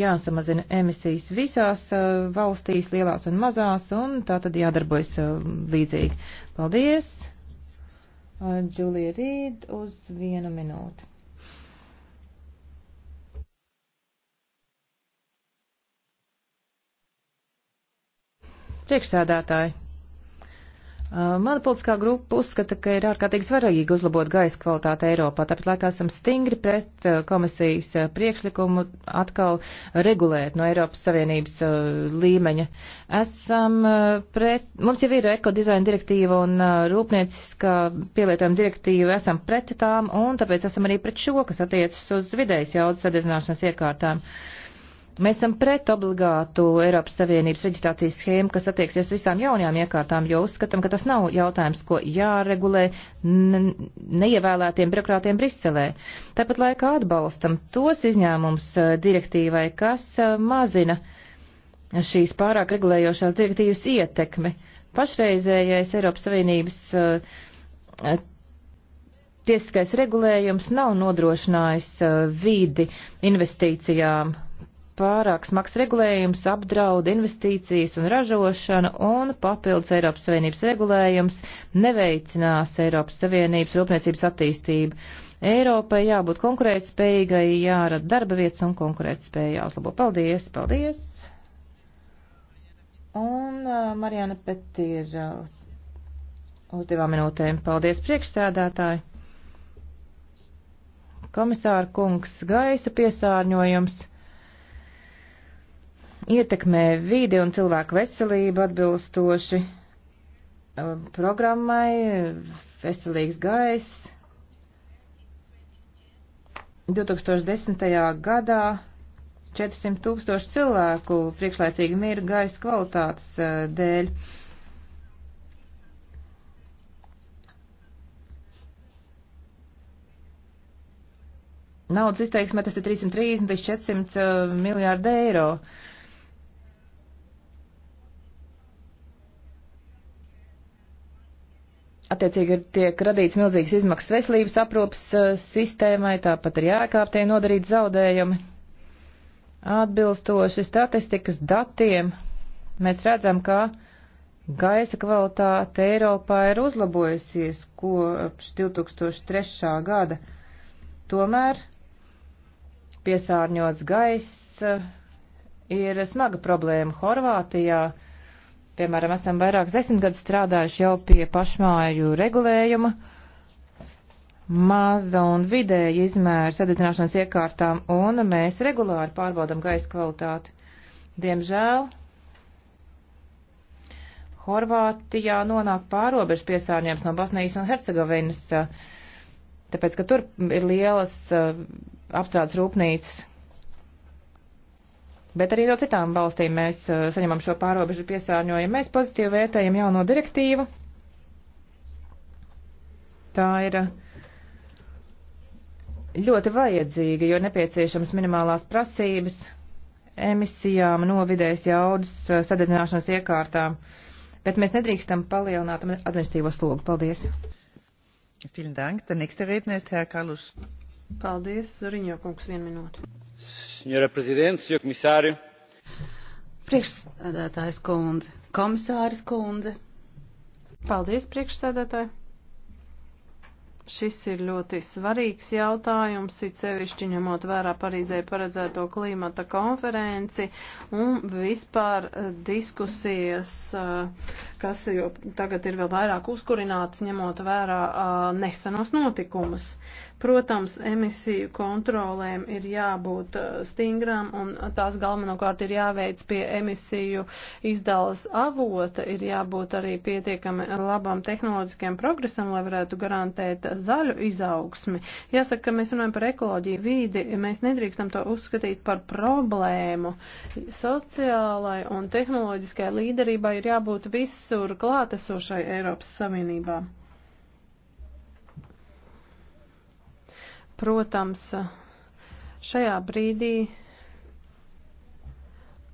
jāsamazina emisijas visās uh, valstīs, lielās un mazās, un tā tad jādarbojas uh, līdzīgi. Paldies! Džulija uh, Rīd uz vienu minūti. Priekšsēdētāji, Mana politiskā grupa uzskata, ka ir ārkārtīgi svarīgi uzlabot gaisa kvalitāti Eiropā, tāpat laikā esam stingri pret komisijas priekšlikumu atkal regulēt no Eiropas Savienības līmeņa. Esam pret, mums jau ir ekodizaina direktīva un rūpnieciskā pielietojuma direktīva, esam pret tām un tāpēc esam arī pret šo, kas attiecas uz vidējas jaudas sadedzināšanas iekārtām. Uh, Mēs esam pret obligātu Eiropas Savienības reģistrācijas schēmu, kas attieksies visām jaunajām iekārtām, jo uzskatām, ka tas nav jautājums, ko jāregulē neievēlētiem birokrātiem Briselē. Tāpat laikā atbalstam tos izņēmums eh, direktīvai, kas eh, mazina šīs pārāk regulējošās direktīvas ietekmi. Pašreizējais Eiropas Savienības eh, tiesiskais regulējums nav nodrošinājis vīdi investīcijām pārāk smags regulējums apdraud investīcijas un ražošanu, un papildus Eiropas Savienības regulējums neveicinās Eiropas Savienības rūpniecības attīstību. Eiropai jābūt konkurētspējīgai, jārada darba vietas un konkurētspēja jāuzlabo. Paldies, paldies! Un uh, Marijana Petir uh, uz divām minūtēm. Paldies, priekšsēdētāji! Komisāra kungs, gaisa piesārņojums ietekmē vīdi un cilvēku veselību atbilstoši um, programmai Veselīgs gaiss. 2010. gadā 400 tūkstoši cilvēku priekšlaicīgi mira gaisa kvalitātes uh, dēļ. Naudas izteiksmē tas ir 330 līdz 400 uh, miljārdi eiro. Uh, Attiecīgi tiek radīts milzīgas izmaksas veselības aprūpas eh, sistēmai, tāpat arī ārkārtēji nodarīt zaudējumi. Atbilstoši statistikas datiem mēs redzam, ka gaisa kvalitāte Eiropā ir uzlabojusies kopš 2003. gada. Tomēr piesārņots gaiss eh, ir smaga problēma Horvātijā Piemēram, esam vairākus desmit gadus strādājuši jau pie pašmāju regulējuma, maza un vidēja izmēra sadedzināšanas iekārtām, un mēs regulāri pārbaudam gaisa kvalitāti. Diemžēl Horvātijā nonāk pārobežu piesārņojums no Bosnijas un Hercegovinas, tāpēc, ka tur ir lielas eh, apstrādes rūpnīcas, Bet arī no citām valstīm mēs uh, saņemam šo pārobežu piesārņojumu. Mēs pozitīvi vērtējam jauno direktīvu. Tā ir uh, ļoti vajadzīga, jo nepieciešams minimālās prasības emisijām no vidējas jaudas uh, sadedzināšanas iekārtām. Bet mēs nedrīkstam palielināt administīvo slogu. Paldies! Vielen Dank. Der nächste Redner ist Herr Kalus. Paldies, Zuriņo kungs, vienu minūtu. Signora prezidents, jo komisāri. Priekšsēdētājs kundze, komisāris kundze. Paldies, priekšsēdētāji. Šis ir ļoti svarīgs jautājums, it sevišķi ņemot vērā Parīzē paredzēto klimata konferenci un vispār eh, diskusijas, eh, kas jau tagad ir vēl vairāk uzkurināts, ņemot vērā eh, nesenos notikumus. Protams, emisiju kontrolēm ir jābūt uh, stingrām un tās galvenokārt ir jāveic pie emisiju izdalas avota, ir jābūt arī pietiekami labam tehnoloģiskiem progresam, lai varētu garantēt zaļu izaugsmi. Jāsaka, ka mēs runājam par ekoloģiju vīdi, mēs nedrīkstam to uzskatīt par problēmu. Sociālai un tehnoloģiskai līderībai ir jābūt visur klātesošai Eiropas Savienībā. Protams, šajā brīdī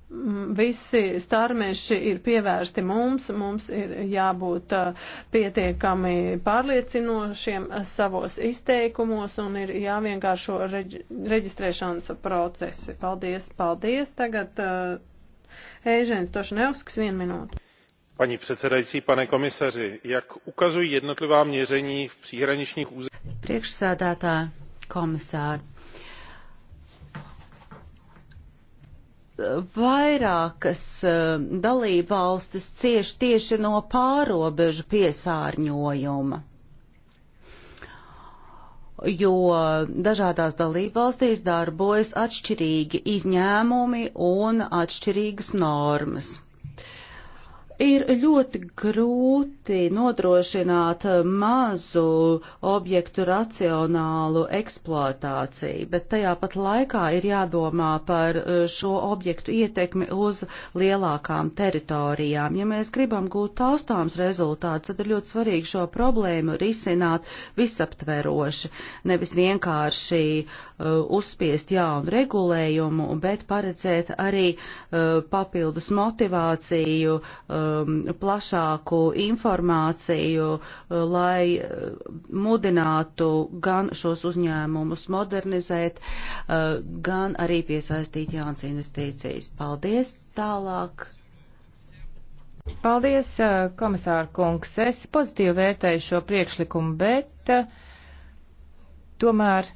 mm, visi starmeši ir pievērsti mums, mums ir jābūt eh, pietiekami pārliecinošiem savos izteikumos un ir jāvienkāršo reģistrēšanas procesi. Paldies, paldies. Tagad eh, Ēžens Tošnevsks, vienu minūtu. Paní předsedající, pane komisaři, jak ukazují jednotlivá měření v příhraničních územích? komisāri. Vairākas eh, dalībvalstis cieš tieši no pārobežu piesārņojuma jo dažādās dalībvalstīs darbojas atšķirīgi izņēmumi un atšķirīgas normas. Ir ļoti grūti nodrošināt mazu objektu racionālu eksploatāciju, bet tajā pat laikā ir jādomā par e, šo objektu ietekmi uz lielākām teritorijām. Ja mēs gribam gūt taustāms rezultāts, tad ir ļoti svarīgi šo problēmu risināt visaptveroši, nevis vienkārši uh, uzspiest jaunu regulējumu, bet paredzēt arī uh, papildus motivāciju uh, um, plašāku informāciju, uh, lai uh, mudinātu gan šos uzņēmumus modernizēt, uh, gan arī piesaistīt jaunas investīcijas. Paldies! Tālāk! Paldies, uh, komisāra kungs. Es pozitīvi vērtēju šo priekšlikumu, bet tomēr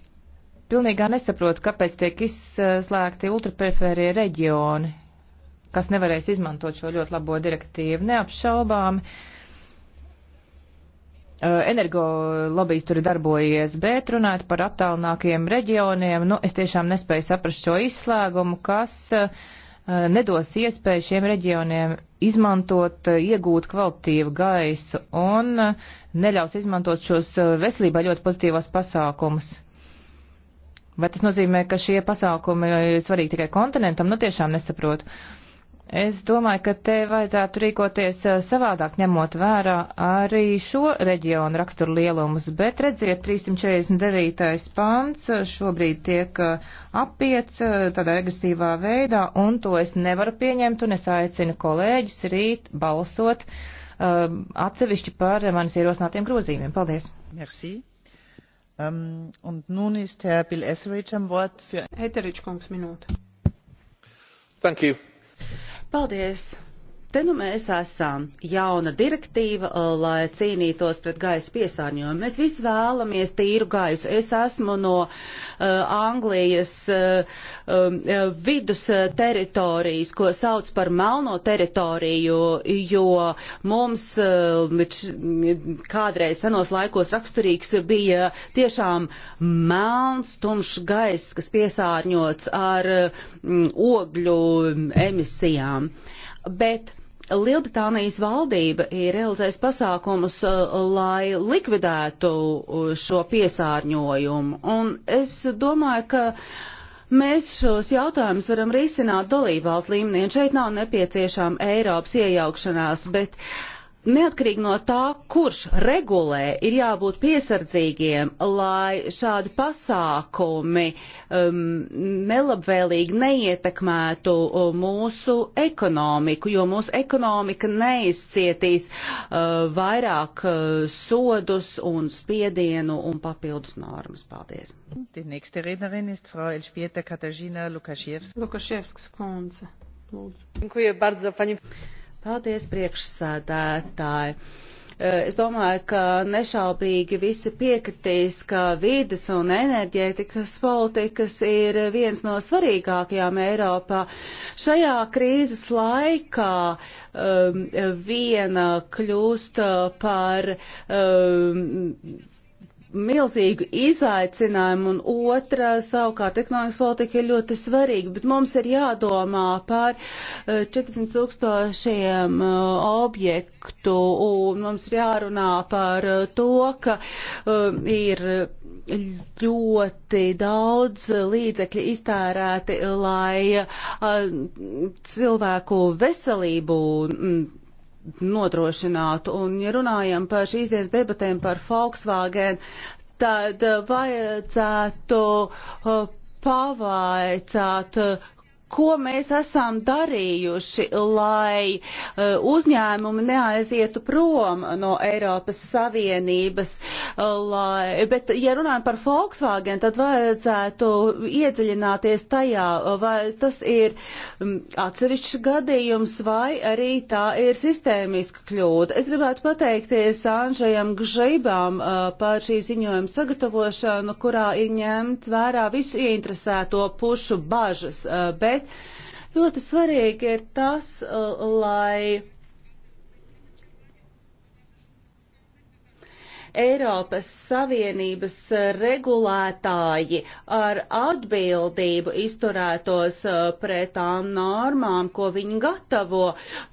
pilnīgā nesaprotu, kāpēc tiek izslēgti ultraperifērie reģioni kas nevarēs izmantot šo ļoti labo direktīvu neapšaubām. Energo lobbyis tur ir darbojies, bet runājot par attālinākiem reģioniem, nu, es tiešām nespēju saprast šo izslēgumu, kas nedos iespēju šiem reģioniem izmantot, iegūt kvalitīvu gaisu un neļaus izmantot šos veselībā ļoti pozitīvos pasākumus. Vai tas nozīmē, ka šie pasākumi ir svarīgi tikai kontinentam? Nu, tiešām nesaprotu. Uh, Es domāju, ka te vajadzētu rīkoties eh, savādāk, ņemot vērā arī šo reģionu raksturu lielumus, bet redziet, 349. pants eh, šobrīd tiek eh, apiets tādā regresīvā veidā, un to es nevaru pieņemt, un es aicinu kolēģis rīt balsot um, atsevišķi par manis ierosinātiem grozījumiem. Paldies! Merci. Um, un nun ist Herr Bill Etheridge am Wort für... Etheridge, kungs, minūte. Thank you. Paldies! Te nu mēs esam jauna direktīva, eh, lai cīnītos pret gaisa piesārņojumu. Mēs visi vēlamies tīru gaisu. Es esmu no uh, Anglijas uh, um, vidus teritorijas, ko sauc par melno teritoriju, jo mums uh, kādreiz senos laikos raksturīgs bija tiešām melns, tumšs gaiss, kas piesārņots ar mm, ogļu emisijām. Bet Lielbritānijas valdība ir realizējusi pasākumus, uh, lai likvidētu uh, šo piesārņojumu. Un es domāju, ka mēs šos jautājumus varam risināt dalībvalsts līmenī, un šeit nav nepieciešama Eiropas iejaukšanās, bet uh, Neatkarīgi no tā, kurš regulē, ir jābūt piesardzīgiem, lai šādi pasākumi um, nelabvēlīgi neietekmētu um, mūsu ekonomiku, jo mūsu ekonomika neizcietīs uh, vairāk uh, sodus un spiedienu un papildus normas. Paldies. Lukašievskas kundze. Lūdzu. Paldies, priekšsēdētāji! E, es domāju, ka nešaubīgi visi piekritīs, ka vīdes un enerģētikas politikas ir viens no svarīgākajām Eiropā. Šajā krīzes laikā um, viena kļūst par um, milzīgu izaicinājumu, un otra savukārt ekonomikas politika ir ļoti svarīga, bet mums ir jādomā par 40 eh, tūkstošiem eh, objektu, un mums ir jārunā par eh, to, ka ir ļoti daudz līdzekļu iztērēti, lai cilvēku veselību mm, nodrošinātu. Un, ja runājam par šīs dienas debatēm par Volkswagen, tad vajadzētu uh, pavaicāt uh, ko mēs esam darījuši, lai eh, uzņēmumi neaizietu prom no Eiropas Savienības. Eh, lai, bet, ja runājam par Volkswagen, tad vajadzētu iedziļināties tajā, eh, vai tas ir mm, atsevišķs gadījums vai arī tā ir sistēmiska kļūda. Es gribētu pateikties Anžajam Gžaibām par šī ziņojuma sagatavošanu, kurā ir ņemts vērā visu ieinteresēto pušu bažas, bet bet ļoti svarīgi ir tas, uh, lai Eiropas Savienības regulētāji ar atbildību izturētos uh, pret tām normām, ko viņi gatavo,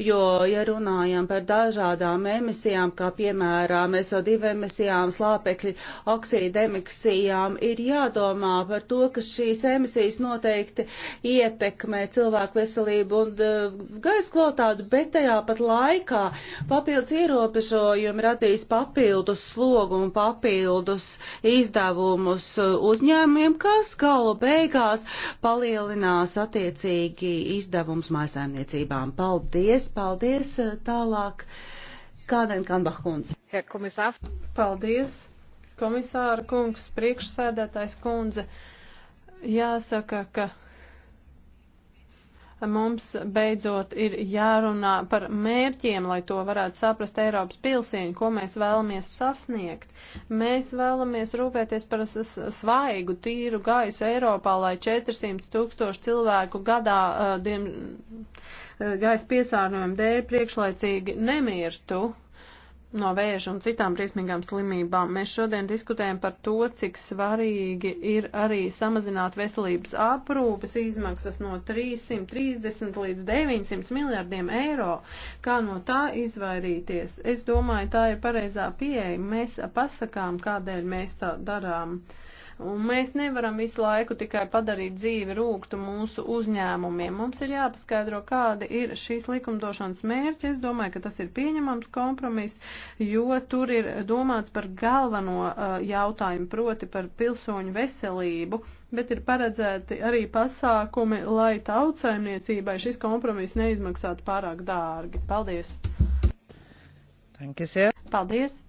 jo, ja runājam par dažādām emisijām, kā piemēram SO2 emisijām, slāpekļu oksīda emisijām, ir jādomā par to, ka šīs emisijas noteikti ietekmē cilvēku veselību un uh, gaisa kvalitāti, bet tajā pat laikā papildus ierobežojumi radīs papildus slogu slogu un papildus izdevumus uzņēmumiem, kas galu beigās palielinās attiecīgi izdevums mājasēmniecībām. Paldies, paldies tālāk. Kādēļ Kanbahkunds? Paldies, komisāra kungs, priekšsēdētājs kundze. Jāsaka, ka mums beidzot ir jārunā par mērķiem, lai to varētu saprast Eiropas pilsieņi, ko mēs vēlamies sasniegt. Mēs vēlamies rūpēties par svaigu, tīru gaisu Eiropā, lai 400 tūkstoši cilvēku gadā, diem, gaisa piesārņojumu dēļ priekšlaicīgi nemirtu no vēža un citām briesmīgām slimībām. Mēs šodien diskutējam par to, cik svarīgi ir arī samazināt veselības aprūpes izmaksas no 330 līdz 900 miljardiem eiro. Kā no tā izvairīties? Es domāju, tā ir pareizā pieeja. Mēs pasakām, kādēļ mēs tā darām. Uh, Un mēs nevaram visu laiku tikai padarīt dzīvi rūktu mūsu uzņēmumiem. Mums ir jāpaskaidro, kāda ir šīs likumdošanas mērķi. Es domāju, ka tas ir pieņemams kompromiss, jo tur ir domāts par galveno uh, jautājumu, proti par pilsoņu veselību, bet ir paredzēti arī pasākumi, lai tautsaimniecībai šis kompromiss neizmaksātu pārāk dārgi. Paldies! Paldies!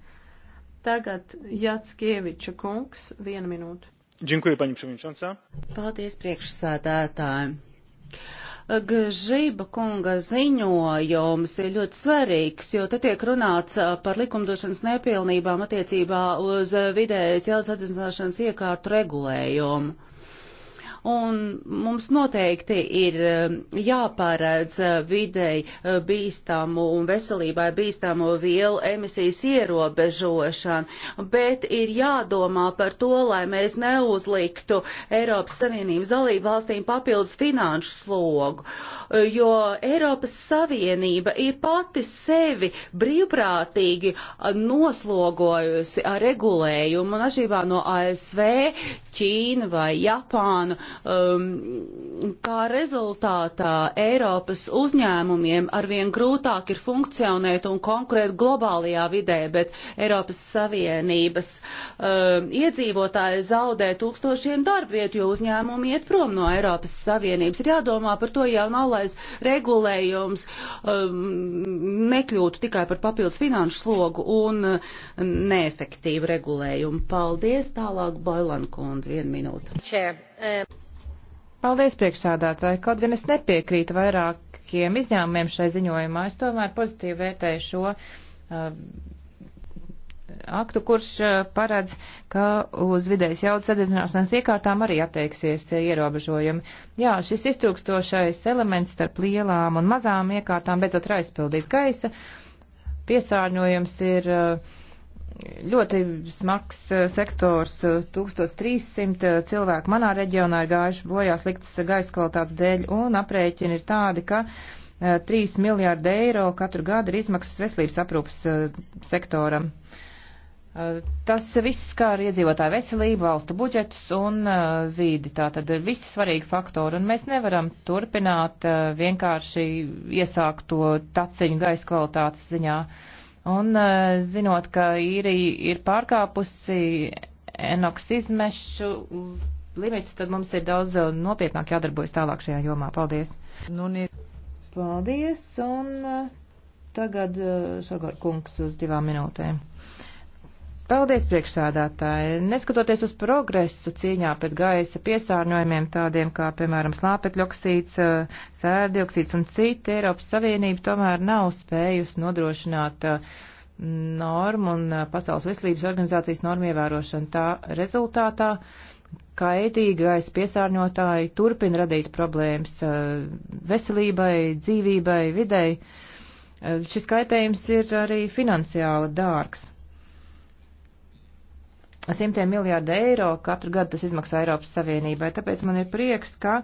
Tagad Jackieviča kungs, viena minūte. Džinkuja, paņem šeminčansā. Paldies priekšsādātājiem. Gžība kunga ziņojums ir ļoti svarīgs, jo te tiek runāts par likumdošanas nepilnībām attiecībā uz vidējas jaudas atzināšanas iekārtu regulējumu un mums noteikti ir um, jāpāredz uh, videi uh, bīstamu un veselībai bīstamo vielu emisijas ierobežošanu, bet ir jādomā par to, lai mēs neuzliktu Eiropas Savienības dalību valstīm papildus finanšu slogu, uh, jo Eiropas Savienība ir pati sevi brīvprātīgi noslogojusi ar regulējumu un atšķirībā no ASV, Ķīna vai Japānu. Um, kā rezultātā Eiropas uzņēmumiem arvien grūtāk ir funkcionēt un konkurēt globālajā vidē, bet Eiropas Savienības um, iedzīvotāji zaudē tūkstošiem darbvietu, jo uzņēmumi iet prom no Eiropas Savienības. Ir jādomā par to jau nav, lai regulējums um, nekļūtu tikai par papildus finanšu slogu un uh, neefektīvu regulējumu. Paldies! Tālāk Bailan kundze, vienu minūtu. Chair, um... Paldies, priekšsādātāji. Kaut gan es nepiekrītu vairākiem izņēmumiem šai ziņojumā, es tomēr pozitīvi vērtēju šo uh, aktu, kurš uh, paredz, ka uz vidējas jaudas sadedzināšanas iekārtām arī attieksies uh, ierobežojumi. Jā, šis iztrūkstošais elements starp lielām un mazām iekārtām beidzot ir aizpildīts gaisa. Piesārņojums ir. Uh, ļoti smags eh, sektors. 1300 eh, eh, cilvēku manā reģionā ir gājuši bojā sliktas gaisa kvalitātes dēļ, un aprēķini ir tādi, ka 3 miljārdi eiro katru gadu ir izmaksas veselības aprūpas sektoram. Tas viss skar iedzīvotāju veselību, valstu budžetus un vīdi. Tā tad ir visi svarīgi faktori, un mēs nevaram turpināt vienkārši iesākt to taciņu gaisa kvalitātes ziņā. Uh, Un eh, zinot, ka īrija ir pārkāpusi enoks izmešu limits, tad mums ir daudz eh, nopietnāk jādarbojas tālāk šajā jomā. Paldies! Nu, ne... Paldies! Un eh, tagad Šagar kungs uz divām minūtēm. Paldies, priekšsādātāji! Neskatoties uz progresu cīņā pret gaisa piesārņojumiem, tādiem kā, piemēram, slāpekļoksīds, eh, sērdioksīds un citi, Eiropas Savienība tomēr nav spējusi nodrošināt eh, normu un eh, Pasaules veselības organizācijas normu ievērošanu. Tā rezultātā kaitīgais piesārņotāji turpina radīt problēmas veselībai, dzīvībai, videi. Šis kaitējums ir arī finansiāli dārgs. Simtiem miljārdu eiro katru gadu tas izmaksā Eiropas Savienībai, tāpēc man ir prieks, ka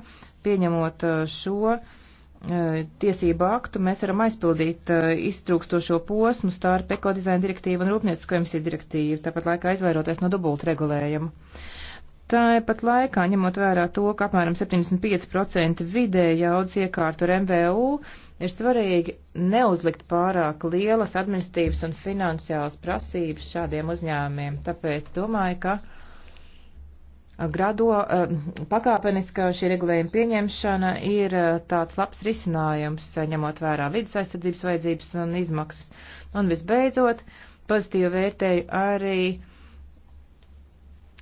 pieņemot uh, šo uh, tiesību aktu, mēs varam aizpildīt uh, iztrūkstošo posmu starp ekodizaina direktīvu un rūpnieciskajums direktīvu, tāpat laikā izvairoties no dubultu regulējumu. Tāpat laikā, ņemot vērā to, ka apmēram 75% vidēja audas iekārtu ar MVU, ir svarīgi neuzlikt pārāk lielas administratīvas un finansiālas prasības šādiem uzņēmumiem. Tāpēc domāju, ka grado, eh, pakāpeniska šī regulējuma pieņemšana ir eh, tāds labs risinājums, ņemot vērā vidas aizsardzības vajadzības un izmaksas. Un visbeidzot, pozitīvi vērtēju arī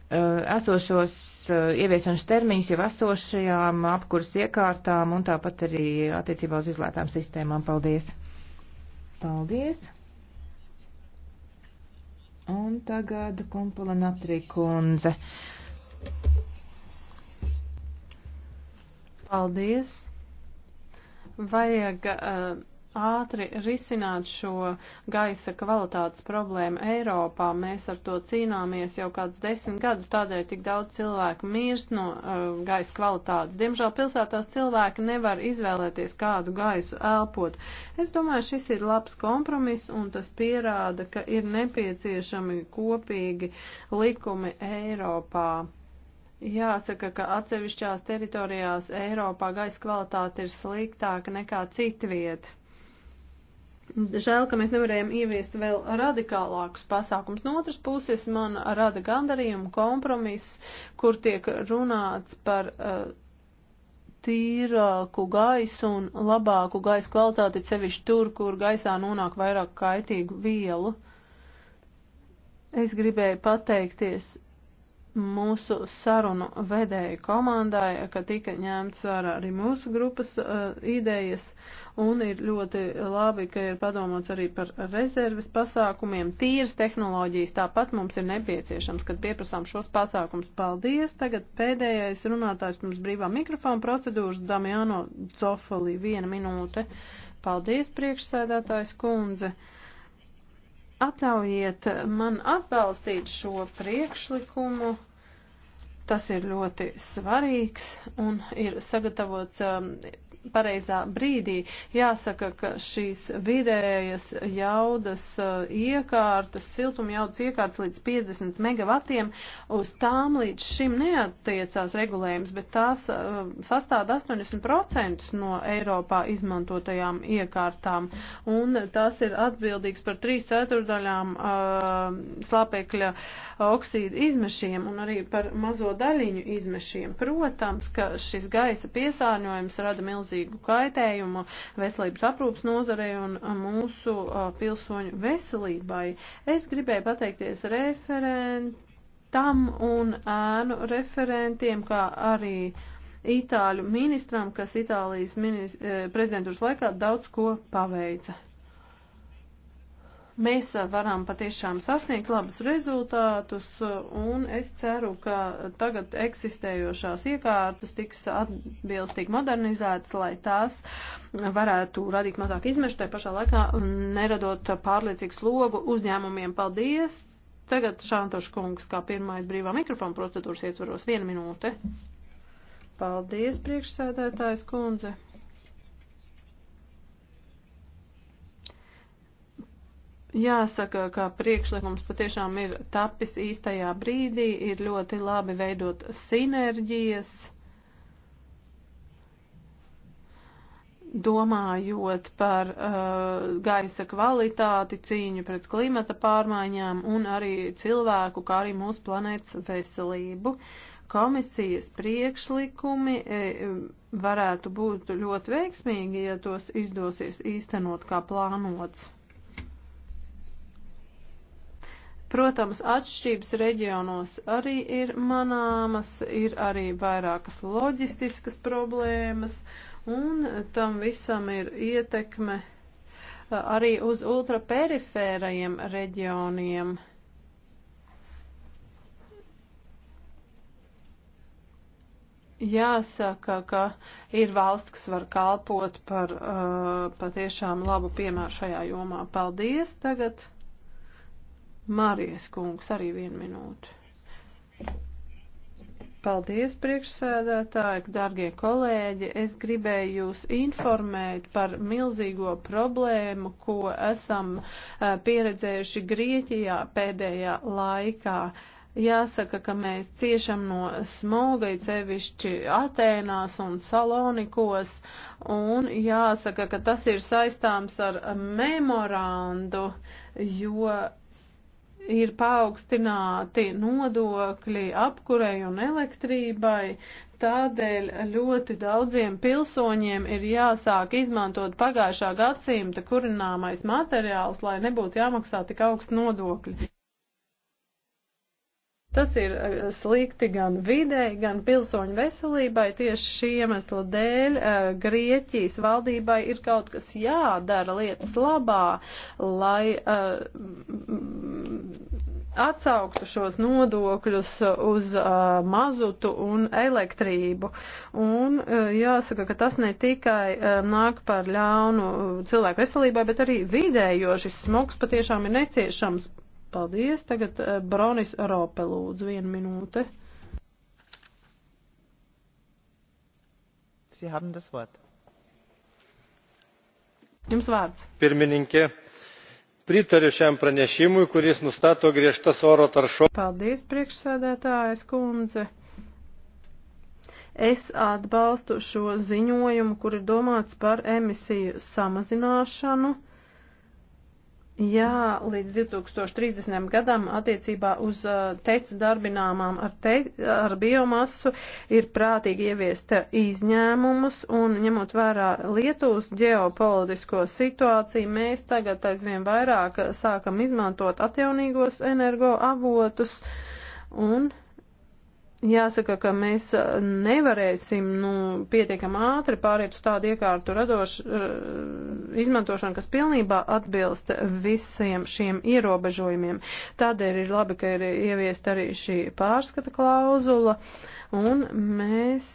Eh, esošos eh, ieviešanas termiņus jau esošajām apkurs iekārtām un tāpat arī attiecībā uz izlētām sistēmām. Paldies! Paldies! Un tagad Kumpula Natri kundze. Paldies! Vajag. Uh ātri risināt šo gaisa kvalitātes problēmu Eiropā. Mēs ar to cīnāmies jau kāds desmit gadus, tādēļ tik daudz cilvēku mirst no uh, gaisa kvalitātes. Diemžēl pilsētās cilvēki nevar izvēlēties, kādu gaisu elpot. Es domāju, šis ir labs kompromiss un tas pierāda, ka ir nepieciešami kopīgi likumi Eiropā. Jāsaka, ka atsevišķās teritorijās Eiropā gaisa kvalitāte ir sliktāka nekā citviet. Žēl, ka mēs nevarējām ieviest vēl radikālākus pasākums. No otras puses, man rada gandarījumu kompromiss, kur tiek runāts par uh, tīrāku gaisu un labāku gaisa kvalitāti, sevišķi tur, kur gaisā nonāk vairāk kaitīgu vielu. Es gribēju pateikties mūsu sarunu vedēju komandai, ka tika ņemts vērā arī mūsu grupas uh, idejas, un ir ļoti labi, ka ir padomots arī par rezerves pasākumiem, tīras tehnoloģijas, tāpat mums ir nepieciešams, kad pieprasām šos pasākums. Paldies! Tagad pēdējais runātājs pirms brīvā mikrofona procedūras, Damiano Zofoli, viena minūte. Paldies, priekšsēdētājs kundze! Uh, Ataujiet man atbalstīt šo priekšlikumu. Tas ir ļoti svarīgs un ir sagatavots um, pareizā brīdī. Jāsaka, ka šīs vidējas jaudas uh, iekārtas, siltumjaudas iekārtas līdz 50 megavatiem, uz tām līdz šim neattiecās regulējums, bet tās uh, sastāda 80% no Eiropā izmantotajām iekārtām, un tās ir atbildīgs par 3 ceturdaļām uh, slāpekļa oksīda izmešiem un arī par mazo daļiņu izmešiem. Protams, ka šis gaisa piesārņojums rada milzīgi milzīgu kaitējumu veselības aprūpas nozarei un mūsu pilsoņu veselībai. Es gribēju pateikties referentam un ēnu referentiem, kā arī Itāļu ministram, kas Itālijas minis, prezidentūras laikā daudz ko paveica mēs varam patiešām sasniegt labus rezultātus, un es ceru, ka tagad eksistējošās iekārtas tiks atbilstīgi modernizētas, lai tās varētu radīt mazāk izmešu, tai pašā laikā neradot pārliecīgu slogu uzņēmumiem. Paldies! Tagad Šantošs kungs kā pirmais brīvā mikrofona procedūras ietvaros vienu minūte. Paldies, priekšsēdētājs kundze! Jāsaka, ka priekšlikums patiešām ir tapis īstajā brīdī, ir ļoti labi veidot sinerģijas, domājot par uh, gaisa kvalitāti, cīņu pret klimata pārmaiņām un arī cilvēku, kā arī mūsu planētas veselību. Komisijas priekšlikumi e, varētu būt ļoti veiksmīgi, ja tos izdosies īstenot kā plānots. Protams, atšķirības reģionos arī ir manāmas, ir arī vairākas loģistiskas problēmas, un tam visam ir ietekme arī uz ultraperifērajiem reģioniem. Jāsaka, ka ir valsts, kas var kalpot par uh, patiešām labu piemēru šajā jomā. Paldies! Tagad Mārijas kungs arī vienu minūtu. Paldies, priekšsēdētāji, dārgie kolēģi. Es gribēju jūs informēt par milzīgo problēmu, ko esam eh, pieredzējuši Grieķijā pēdējā laikā. Jāsaka, ka mēs ciešam no smoga, sevišķi Atēnās un Salonikos, un jāsaka, ka tas ir saistāms ar memorandu, jo ir paaugstināti nodokļi apkurei un elektrībai, tādēļ ļoti daudziem pilsoņiem ir jāsāk izmantot pagājušā gadsimta kurināmais materiāls, lai nebūtu jāmaksā tik augsts nodokļi. Tas ir eh, slikti gan videi, gan pilsoņu veselībai. Tieši šī iemesla dēļ eh, Grieķijas valdībai ir kaut kas jādara lietas labā, lai eh, atsauktu šos nodokļus uz uh, mazutu un elektrību. Un uh, jāsaka, ka tas ne tikai uh, nāk par ļaunu cilvēku veselībai, bet arī vidē, jo šis smogs patiešām ir neciešams. Paldies, tagad uh, Bronis Rope lūdzu vienu minūte. Sie haben das Wort. Jums vārds. Pirmininkė pritariu šiam pranešimui kuris nustato griežtas oro taršos. Paldies, priekšsēdētājas kundze. Es atbalstu šo ziņojumu, kur ir domāts par emisiju samazināšanu. Jā, līdz 2030. gadam attiecībā uz uh, tec darbināmām ar, te, ar biomasu ir prātīgi ieviest izņēmumus un ņemot vērā Lietuvas ģeopolitisko situāciju, mēs tagad aizvien vairāk sākam izmantot atjaunīgos energoavotus un Jāsaka, ka mēs nevarēsim nu, pietiekam ātri pāriet uz tādu iekārtu radošu izmantošanu, kas pilnībā atbilst visiem šiem ierobežojumiem. Tādēļ ir labi, ka ir ieviest arī šī pārskata klauzula, un mēs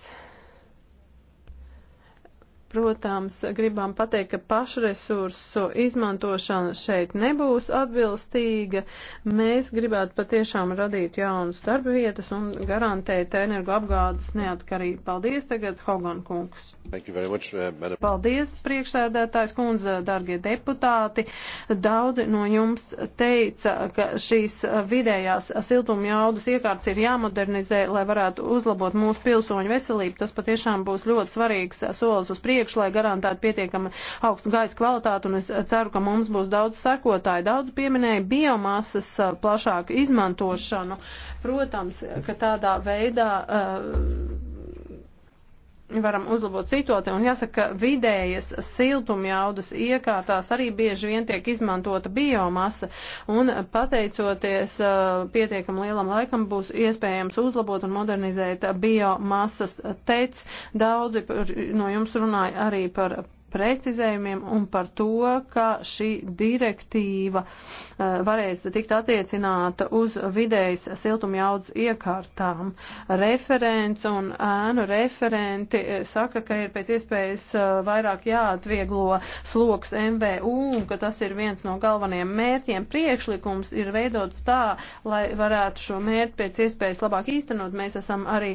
Protams, gribam pateikt, ka pašresursu izmantošana šeit nebūs atbilstīga. Mēs gribētu patiešām radīt jaunas darba vietas un garantēt energoapgādes neatkarību. Paldies tagad, Hogan kungs. Much, uh, Paldies, priekšsēdētājs kundze, dargie deputāti. Daudzi no jums teica, ka šīs vidējās siltumjaudas iekārtas ir jāmodernizē, lai varētu uzlabot mūsu pilsoņu veselību. Tas patiešām būs ļoti svarīgs solis uz priekšu priekšu, lai garantētu pietiekami augstu gaisa kvalitāti, un es ceru, ka mums būs daudz sekotāju. Daudz pieminēja biomasas uh, plašāku izmantošanu. Protams, ka tādā veidā. Uh, varam uzlabot situāciju. Un jāsaka, ka vidējas siltumjaudas iekārtās arī bieži vien tiek izmantota biomasa. Un pateicoties uh, pietiekam lielam laikam būs iespējams uzlabot un modernizēt biomasas tec. Daudzi no jums runāja arī par precizējumiem un par to, ka šī direktīva eh, varēs tikt attiecināta uz vidējas siltumjaudas iekārtām. Referents un ēnu referenti eh, saka, ka ir pēc iespējas eh, vairāk jāatvieglo sloks MVU un ka tas ir viens no galvenajiem mērķiem. Priekšlikums ir veidots tā, lai varētu šo mērķi pēc iespējas labāk īstenot. Mēs esam arī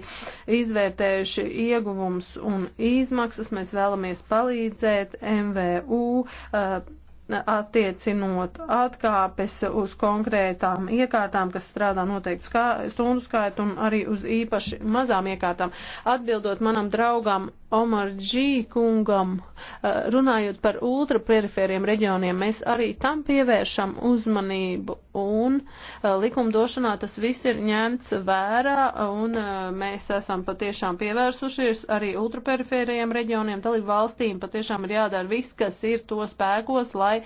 izvērtējuši ieguvums un izmaksas. Mēs vēlamies palīdzēt palīdzēt MVU. Uh, eh, attiecinot atkāpes uz konkrētām iekārtām, kas strādā noteikti skā, stundu skaitu un arī uz īpaši mazām iekārtām. Atbildot manam draugam Omar G. kungam, eh, runājot par ultraperifēriem reģioniem, mēs arī tam pievēršam uzmanību un uh, likumdošanā tas viss ir ņemts vērā, un uh, mēs esam patiešām pievērsušies arī ultraperifērajiem reģioniem, dalību valstīm patiešām ir jādara viss, kas ir to spēkos, lai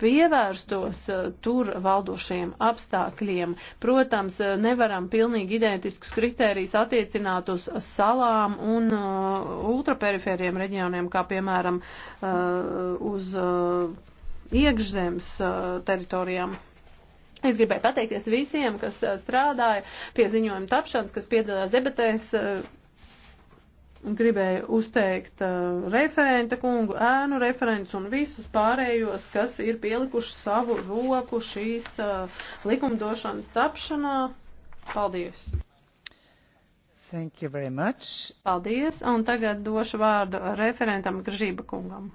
pievērstos uh, tur valdošiem apstākļiem. Protams, nevaram pilnīgi identiskus kritērijus attiecināt uz salām un ultraperifēriem reģioniem, kā piemēram uz iekšzemes teritorijām. Es gribēju pateikties visiem, kas uh, strādāja pie ziņojuma tapšanas, kas piedalās debatēs. Uh, gribēju uzteikt uh, referenta kungu, ēnu referents un visus pārējos, kas ir pielikuši savu roku šīs likumdošanas tapšanā. Paldies! Thank you very much. Paldies, un tagad došu vārdu referentam Gržība kungam.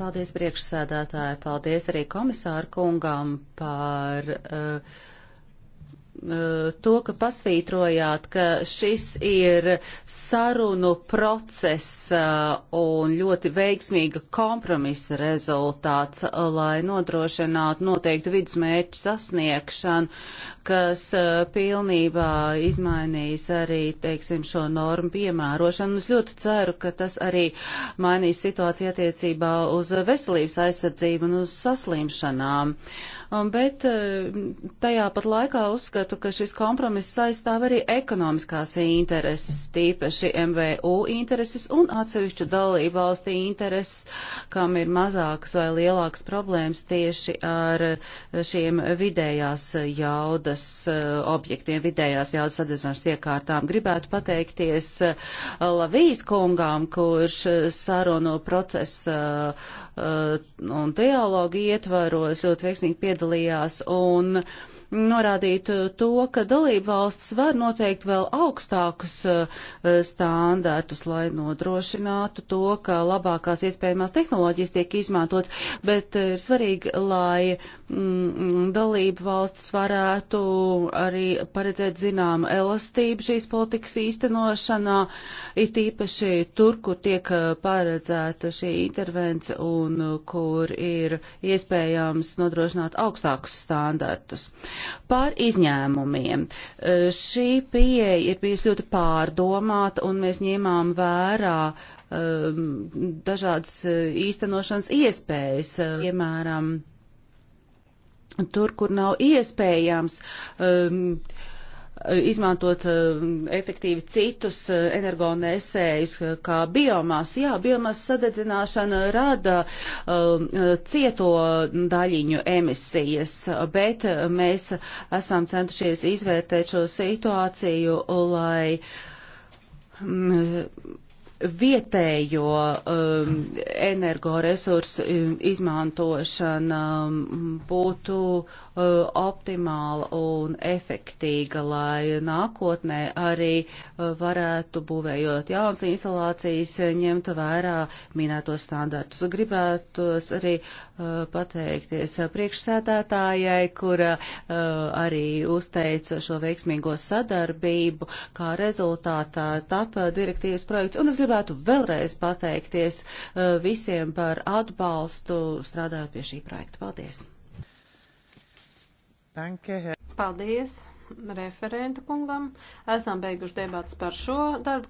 Paldies priekšsēdētāji, paldies arī komisāru kungam par uh, Eh, to, ka pasvītrojāt, ka šis ir sarunu process eh, un ļoti veiksmīga kompromisa rezultāts, eh, lai nodrošinātu noteiktu vidusmērķu sasniegšanu, kas pilnībā izmainīs arī, teiksim, šo normu piemērošanu. Es ļoti ceru, ka tas arī mainīs situāciju attiecībā uz veselības aizsardzību un uz saslimšanām. Uh, Um, bet uh, tajā pat laikā uzskatu, ka šis kompromiss aizstāv arī ekonomiskās intereses, tīpaši MVU intereses un atsevišķu dalību valstī intereses, kam ir mazākas vai lielākas problēmas tieši ar uh, šiem vidējās jaudas uh, objektiem, vidējās jaudas sadedzināšanas iekārtām. Gribētu pateikties Lavijas kungām, kurš sarunu procesa un dialogu ietvaros ļoti veiksmīgi piedalījās piedalījās un norādīt to, ka dalība valsts var noteikt vēl augstākus eh, standārtus, lai nodrošinātu to, ka labākās iespējamās tehnoloģijas tiek izmantots, bet eh, ir svarīgi, lai Mm, dalību valstis varētu arī paredzēt zināmu elastību šīs politikas īstenošanā, it īpaši tur, kur tiek uh, paredzēta šī intervence un uh, kur ir iespējams nodrošināt augstākus standartus. Par izņēmumiem. Uh, šī pieeja ir bijusi ļoti pārdomāta un mēs ņēmām vērā um, dažādas īstenošanas iespējas, piemēram, um, tur, kur nav iespējams um, izmantot um, efektīvi citus uh, energonesējus, uh, kā biomasu. Jā, biomasu sadedzināšana rada um, cieto daļiņu emisijas, bet mēs esam centušies izvērtēt šo situāciju, lai. Um, vietējo um, energoresursu um, izmantošana um, būtu uh, optimāla un efektīga, lai nākotnē arī uh, varētu, būvējot jaunas instalācijas, ņemt vērā minētos standartus. Gribētos arī Eh, pateikties priekšsēdētājai, kura eh, arī uzteica šo veiksmīgo sadarbību, kā rezultātā tapa direktīvas projekts. Un es gribētu vēlreiz pateikties eh, visiem par atbalstu strādājot pie šī projekta. Paldies! Danke. Paldies referenta kungam. Esam beiguši debats par šo darbu.